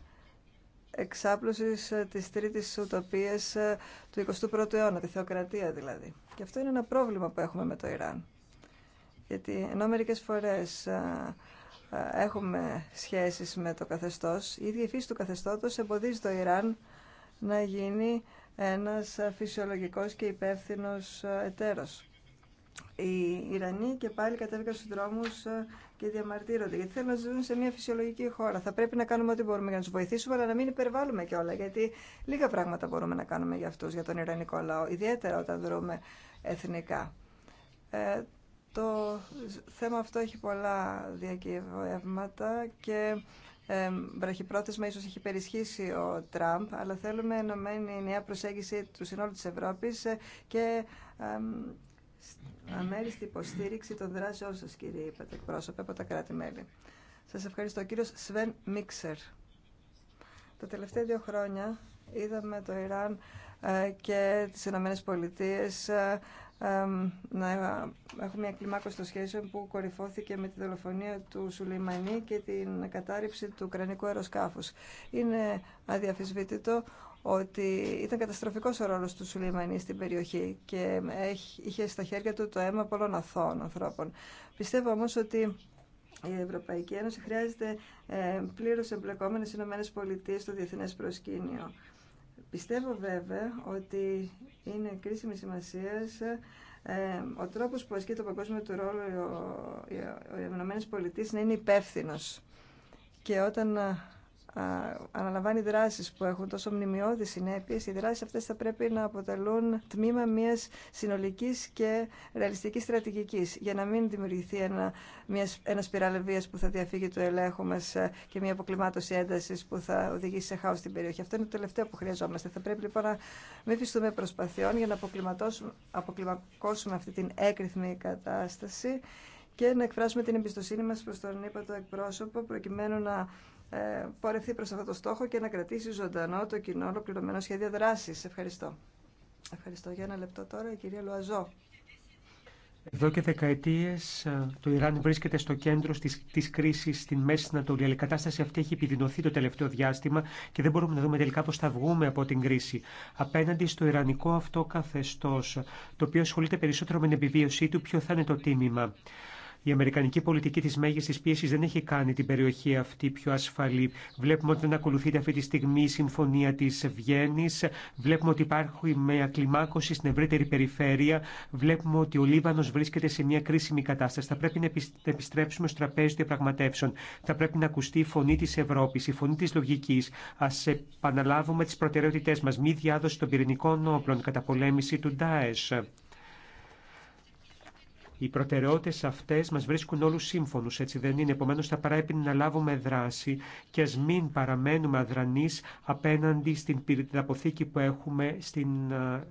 εξάπλωσης ε, της τρίτης ουτοπίας ε, του 21ου αιώνα, τη θεοκρατία δηλαδή. Και αυτό είναι ένα πρόβλημα που έχουμε με το Ιράν. Γιατί ενώ μερικές φορές ε, έχουμε σχέσεις με το καθεστώς, η ίδια η φύση του καθεστώτος εμποδίζει το Ιράν να γίνει ένας φυσιολογικός και υπεύθυνος εταίρος οι Ιρανοί και πάλι κατέβηκαν στους δρόμους ε, και διαμαρτύρονται, γιατί θέλουν να ζουν σε μια φυσιολογική χώρα. Θα πρέπει να κάνουμε ό,τι μπορούμε για να του βοηθήσουμε, αλλά να μην υπερβάλλουμε κιόλα, γιατί λίγα πράγματα μπορούμε να κάνουμε για αυτού για τον Ιρανικό λαό, ιδιαίτερα όταν δρούμε εθνικά. Ε, το θέμα αυτό έχει πολλά διακυβεύματα και ε, βραχυπρόθεσμα ίσως έχει περισχύσει ο Τραμπ, αλλά θέλουμε ενωμένη νέα προσέγγιση του συνόλου της Ευρώπης ε, και ε, αμέριστη υποστήριξη των δράσεών σας, κύριε είπατε, εκπρόσωπε από τα κράτη-μέλη. Σας ευχαριστώ. Ο κύριος Σβέν Μίξερ. Τα τελευταία δύο χρόνια είδαμε το Ιράν ε, και τις Ηνωμένε Πολιτείε ε, να έχουν μια κλιμάκωση των σχέσεων που κορυφώθηκε με τη δολοφονία του Σουλεϊμανί και την κατάρριψη του κρανικού αεροσκάφους. Είναι αδιαφυσβήτητο ότι ήταν καταστροφικός ο ρόλος του Σουλήμανη στην περιοχή και είχε στα χέρια του το αίμα πολλών αθώων ανθρώπων. Πιστεύω όμως ότι η Ευρωπαϊκή Ένωση χρειάζεται ε, πλήρως εμπλεκόμενες Ηνωμένες Πολιτείες στο διεθνές προσκήνιο. Πιστεύω βέβαια ότι είναι κρίσιμη σημασία ε, ο τρόπος που ασκεί το παγκόσμιο του ρόλο ο Ηνωμένες Πολιτείες να είναι υπεύθυνο. Και όταν ε, αναλαμβάνει δράσεις που έχουν τόσο μνημειώδεις συνέπειες, οι δράσεις αυτές θα πρέπει να αποτελούν τμήμα μιας συνολικής και ρεαλιστικής στρατηγικής, για να μην δημιουργηθεί ένα, μια, ένα που θα διαφύγει το ελέγχου μας ε, και μια αποκλιμάτωση έντασης που θα οδηγήσει σε χάος στην περιοχή. Αυτό είναι το τελευταίο που χρειαζόμαστε. Θα πρέπει λοιπόν να μην φυστούμε προσπαθειών για να αποκλιμακώσουμε αυτή την έκρηθμη κατάσταση και να εκφράσουμε την εμπιστοσύνη μας προς τον ύπατο εκπρόσωπο προκειμένου να ε, πορευθεί προς αυτό το στόχο και να κρατήσει ζωντανό το κοινό ολοκληρωμένο σχέδιο δράσης. Ευχαριστώ. Ευχαριστώ. Για ένα λεπτό τώρα η κυρία Λουαζό. Εδώ και δεκαετίες ε, το Ιράν βρίσκεται στο κέντρο της, της κρίσης στην Μέση Ανατολή. Αλλά η κατάσταση αυτή έχει επιδεινωθεί το τελευταίο διάστημα και δεν μπορούμε να δούμε τελικά πώς θα βγούμε από την κρίση. Απέναντι στο Ιρανικό αυτό καθεστώς, το οποίο ασχολείται περισσότερο με την επιβίωσή του, ποιο θα είναι το τίμημα. Η αμερικανική πολιτική τη μέγιστη πίεση δεν έχει κάνει την περιοχή αυτή πιο ασφαλή. Βλέπουμε ότι δεν ακολουθείται αυτή τη στιγμή η συμφωνία τη Βιέννη. Βλέπουμε ότι υπάρχει με ακλιμάκωση στην ευρύτερη περιφέρεια. Βλέπουμε ότι ο Λίβανο βρίσκεται σε μια κρίσιμη κατάσταση. Θα πρέπει να επιστρέψουμε στο τραπέζι των διαπραγματεύσεων. Θα πρέπει να ακουστεί η φωνή τη Ευρώπη, η φωνή τη λογική. Α επαναλάβουμε τι προτεραιότητέ μα. Μη διάδοση των πυρηνικών όπλων, καταπολέμηση του Ντάεσ οι προτεραιότητε αυτέ μα βρίσκουν όλου σύμφωνου, έτσι δεν είναι. Επομένω, θα πρέπει να λάβουμε δράση και α μην παραμένουμε αδρανεί απέναντι στην αποθήκη που έχουμε στην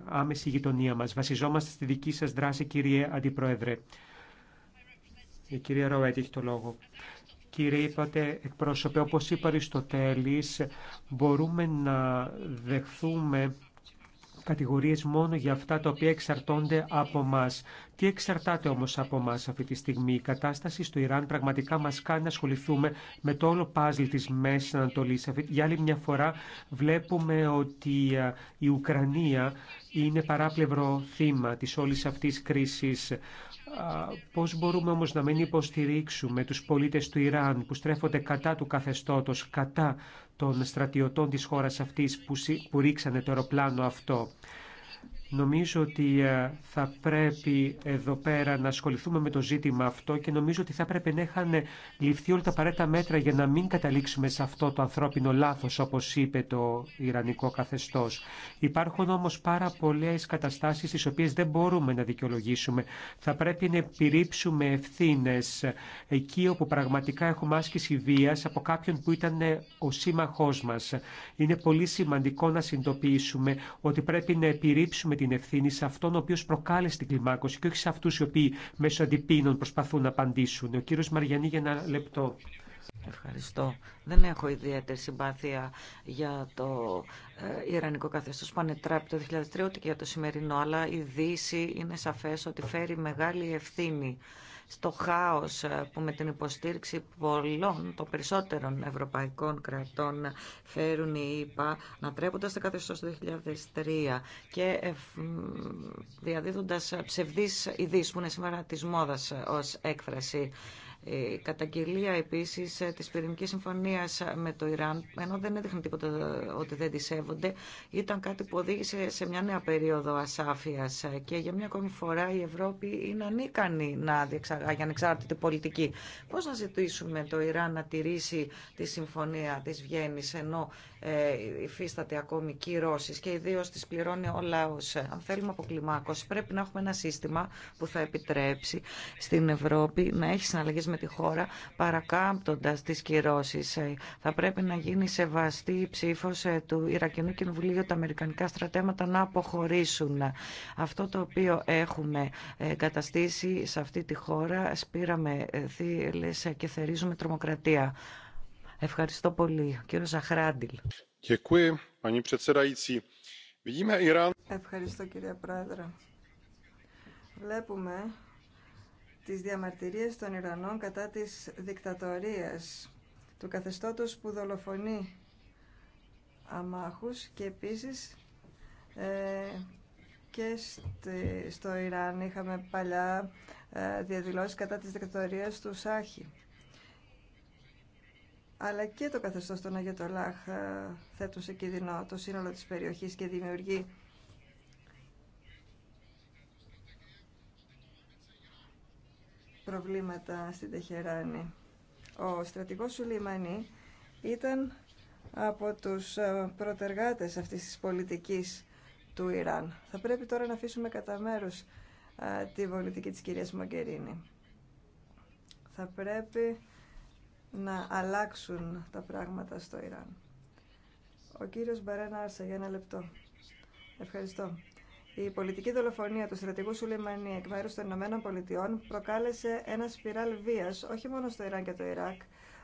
άμεση γειτονία μα. Βασιζόμαστε στη δική σα δράση, κύριε Αντιπρόεδρε. Η κυρία Ροέτη έχει το λόγο. Κύριε, είπατε εκπρόσωπε, όπω είπα Αριστοτέλη, μπορούμε να δεχθούμε κατηγορίες μόνο για αυτά τα οποία εξαρτώνται από εμά. Τι εξαρτάται όμως από εμά αυτή τη στιγμή. Η κατάσταση στο Ιράν πραγματικά μας κάνει να ασχοληθούμε με το όλο πάζλ της Μέσης Ανατολής. Για άλλη μια φορά βλέπουμε ότι η Ουκρανία είναι παράπλευρο θύμα της όλης αυτής κρίση. Πώς μπορούμε όμω να μην υποστηρίξουμε τους πολίτες του Ιράν που στρέφονται κατά του καθεστώτος, κατά των στρατιωτών της χώρας αυτής που ρίξανε το αεροπλάνο αυτό. Νομίζω ότι ε, θα πρέπει εδώ πέρα να ασχοληθούμε με το ζήτημα αυτό και νομίζω ότι θα πρέπει να είχαν ληφθεί όλα τα απαραίτητα μέτρα για να μην καταλήξουμε σε αυτό το ανθρώπινο λάθος, όπως είπε το Ιρανικό καθεστώς. Υπάρχουν όμως πάρα πολλές καταστάσεις τις οποίες δεν μπορούμε να δικαιολογήσουμε. Θα πρέπει να επιρρύψουμε ευθύνε εκεί όπου πραγματικά έχουμε άσκηση βία από κάποιον που ήταν ε, ο σύμμαχός μας. Είναι πολύ σημαντικό να συνειδητοποιήσουμε ότι πρέπει να επιρρύψουμε την ευθύνη σε αυτόν ο οποίο προκάλεσε την κλιμάκωση και όχι σε αυτού οι οποίοι μέσω αντιπίνων προσπαθούν να απαντήσουν. Ο κύριο Μαριανή για ένα λεπτό. Ευχαριστώ. Δεν έχω ιδιαίτερη συμπάθεια για το ε, Ιρανικό καθεστώ που ανετράπει το 2003 ούτε και για το σημερινό, αλλά η Δύση είναι σαφέ ότι φέρει μεγάλη ευθύνη στο χάος ε, που με την υποστήριξη πολλών των περισσότερων ευρωπαϊκών κρατών φέρουν οι ΙΠΑ, να τρέπονται το καθεστώς του 2003 και ε, διαδίδοντας ψευδείς ειδήσει που είναι σήμερα της μόδας ε, ως έκφραση. Η καταγγελία επίσης τη πυρηνική Συμφωνία με το Ιράν, ενώ δεν έδειχνε τίποτα ότι δεν τη σέβονται, ήταν κάτι που οδήγησε σε μια νέα περίοδο ασάφειας και για μια ακόμη φορά η Ευρώπη είναι ανίκανη να διεξαγάγει ανεξάρτητη πολιτική. Πώ να ζητήσουμε το Ιράν να τηρήσει τη συμφωνία τη Βιέννη ενώ ε, υφίσταται ακόμη κυρώσει και ιδίω τις πληρώνει ο λαό. Αν θέλουμε αποκλιμάκωση πρέπει να έχουμε ένα σύστημα που θα επιτρέψει στην Ευρώπη να έχει συναλλαγέ με τη χώρα παρακάμπτοντας τις κυρώσει. Ε, θα πρέπει να γίνει σεβαστή η ψήφο ε, του Ιρακινού Κοινοβουλίου για τα Αμερικανικά στρατέματα να αποχωρήσουν. Αυτό το οποίο έχουμε καταστήσει σε αυτή τη χώρα σπήραμε ε, θύλε και θερίζουμε τρομοκρατία. Ευχαριστώ πολύ. Κύριο Ζαχράντιλ. Ευχαριστώ κύριε Πρόεδρε. Βλέπουμε τις διαμαρτυρίες των Ιρανών κατά της δικτατορίας, του καθεστώτος που δολοφονεί αμάχους και επίσης ε, και στο Ιράν είχαμε παλιά ε, διαδηλώσεις κατά της δικτατορίας του Σάχη. Αλλά και το καθεστώς των Αγιατολάχ ε, θέτουν σε κίνδυνο το σύνολο της περιοχής και δημιουργεί προβλήματα στην Τεχεράνη. Ο στρατηγός Σουλήμανη ήταν από τους ε, προτεργάτες αυτής της πολιτικής του Ιράν. Θα πρέπει τώρα να αφήσουμε κατά μέρους ε, τη πολιτική της κυρίας Μογκερίνη. Θα πρέπει να αλλάξουν τα πράγματα στο Ιράν. Ο κύριος Μπαρένα Άρσα, για ένα λεπτό. Ευχαριστώ. Η πολιτική δολοφονία του στρατηγού Σουλεϊμανί εκ μέρου των Ηνωμένων Πολιτειών προκάλεσε ένα σπιράλ βία όχι μόνο στο Ιράν και το Ιράκ,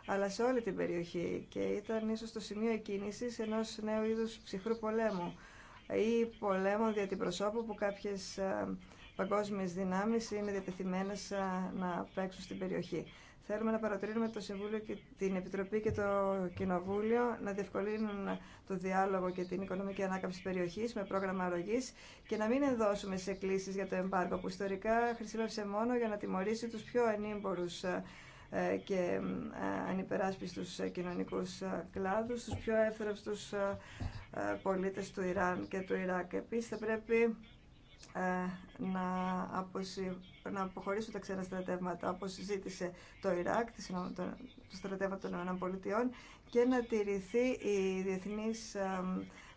αλλά σε όλη την περιοχή και ήταν ίσω το σημείο εκκίνηση ενό νέου είδου ψυχρού πολέμου ή πολέμων δια την προσώπου που κάποιε ε, παγκόσμιες δυνάμεις είναι διατεθειμένε ε, να παίξουν στην περιοχή. Θέλουμε να παρατηρήσουμε το Συμβούλιο και την Επιτροπή και το Κοινοβούλιο να διευκολύνουν το διάλογο και την οικονομική ανάκαμψη περιοχή με πρόγραμμα αρρωγή και να μην ενδώσουμε σε κλήσει για το εμπάργκο που ιστορικά χρησιμεύσε μόνο για να τιμωρήσει του πιο ανήμπορου ε, και ε, ανυπεράσπιστους κοινωνικούς ε, κλάδους, τους πιο εύθραυστους πολίτες του Ιράν και του Ιράκ. Επίση θα πρέπει ε, να, αποσυ... να αποχωρήσουν τα ξένα στρατεύματα όπως ζήτησε το Ιράκ, το στρατεύμα των ΗΠΑ και να τηρηθεί η διεθνής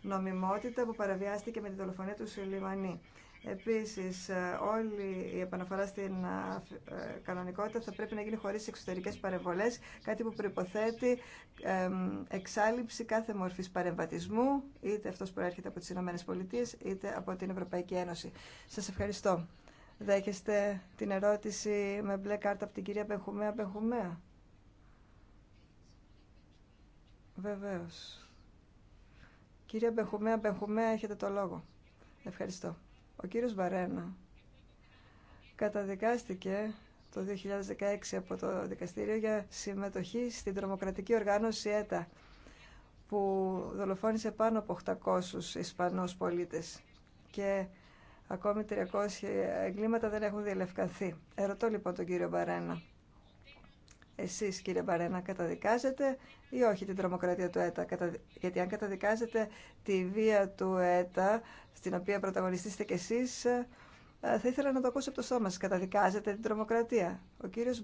νομιμότητα που παραβιάστηκε με τη δολοφονία του Σουλιμανί. Επίσης, ε, όλη η επαναφορά στην ε, ε, κανονικότητα θα πρέπει να γίνει χωρίς εξωτερικές παρεμβολές, κάτι που προϋποθέτει εξάλληψη κάθε μορφής παρεμβατισμού, είτε αυτός προέρχεται από τις Ηνωμένες Πολιτείες, είτε από την Ευρωπαϊκή Ένωση. Σας ευχαριστώ. Δέχεστε την ερώτηση με μπλε κάρτα από την κυρία Πεχουμέα Πεχουμέα. Βεβαίως. Κυρία Μπεχουμέα Μπεχουμέα έχετε το λόγο. Ευχαριστώ. Ο κύριος Βαρένα καταδικάστηκε το 2016 από το δικαστήριο για συμμετοχή στην τρομοκρατική οργάνωση ΕΤΑ που δολοφόνησε πάνω από 800 Ισπανούς πολίτες και ακόμη 300 εγκλήματα δεν έχουν διελευκανθεί. Ερωτώ λοιπόν τον κύριο Μπαρένα εσείς κύριε Μπαρένα καταδικάζετε ή όχι την τρομοκρατία του ΕΤΑ. Γιατί αν καταδικάζετε τη βία του ΕΤΑ, στην οποία πρωταγωνιστήσετε κι εσείς, ε, θα ήθελα να το ακούσω από το στόμα σας. Καταδικάζετε την τρομοκρατία. Ο κύριος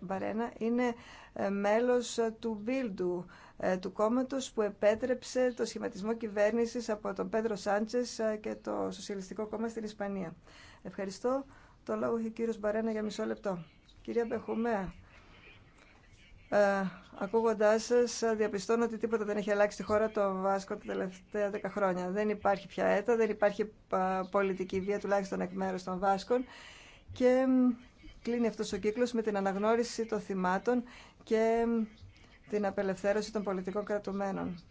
Μπαρένα είναι ε, μέλος ε, του Μπίλντου, του κόμματος που επέτρεψε το σχηματισμό κυβέρνησης από τον Πέντρο Σάντσες και το Σοσιαλιστικό Κόμμα στην Ισπανία. Ευχαριστώ. Το λόγο έχει ο κύριος Μπαρένα για μισό λεπτό. Κυρία Μπεχουμέα, ε, Ακούγοντά σα, διαπιστώνω ότι τίποτα δεν έχει αλλάξει στη χώρα το Βάσκο τα τελευταία δέκα χρόνια. Δεν υπάρχει πια έτα, δεν υπάρχει πολιτική βία, τουλάχιστον εκ μέρου των Βάσκων. Και κλείνει αυτό ο κύκλο με την αναγνώριση των θυμάτων και την απελευθέρωση των πολιτικών κρατουμένων.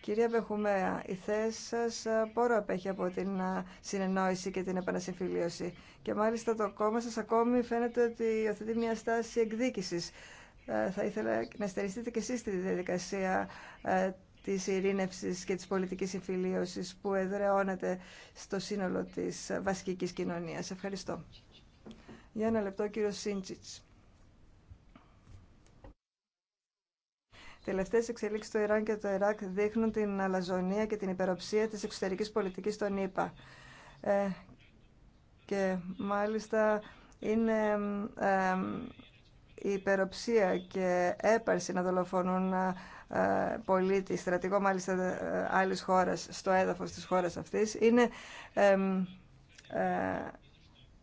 Κυρία Μπεχουμέα, η θέση σα πόρο απέχει από την συνεννόηση και την επανασυμφιλίωση. Και μάλιστα το κόμμα σα ακόμη φαίνεται ότι υιοθετεί μια στάση εκδίκηση ε, θα ήθελα να στεριστείτε και εσείς τη διαδικασία ε, της ειρήνευσης και της πολιτικής συμφιλίωσης που εδραιώνεται στο σύνολο της βασικής κοινωνίας. Ευχαριστώ. Για ένα λεπτό, κύριο Σίντσιτς. Τελευταίες εξελίξεις στο Ιράν και το Ιράκ δείχνουν την αλαζονία και την υπεροψία της εξωτερικής πολιτικής των ΗΠΑ. Ε, και μάλιστα είναι η υπεροψία και έπαρση να δολοφονούν ε, πολίτη, στρατηγό μάλιστα ε, άλλης χώρας, στο έδαφος της χώρας αυτής, είναι ε,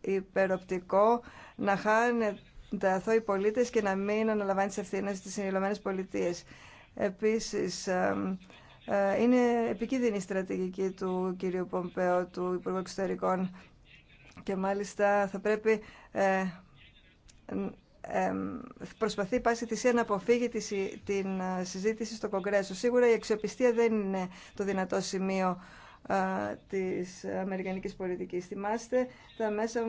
υπεροπτικό να χάνεται αθώοι πολίτες και να μην αναλαμβάνει τις ευθύνες στις Ηνωμένες Πολιτείες. Επίσης, ε, είναι επικίνδυνη η στρατηγική του κυρίου Πομπέο, του Υπουργού Εξωτερικών και μάλιστα θα πρέπει προσπαθεί πάση θυσία να αποφύγει την ε, συζήτηση στο Κογκρέσο. Σίγουρα η αξιοπιστία δεν είναι το δυνατό σημείο ε, της αμερικανικής πολιτικής. Θυμάστε τα μέσα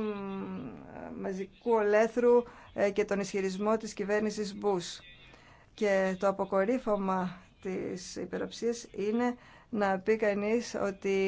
μαζικού ολέθρου ε, και τον ισχυρισμό της κυβέρνησης Μπούς. Και το αποκορύφωμα της υπεροψίας είναι να πει κανείς ότι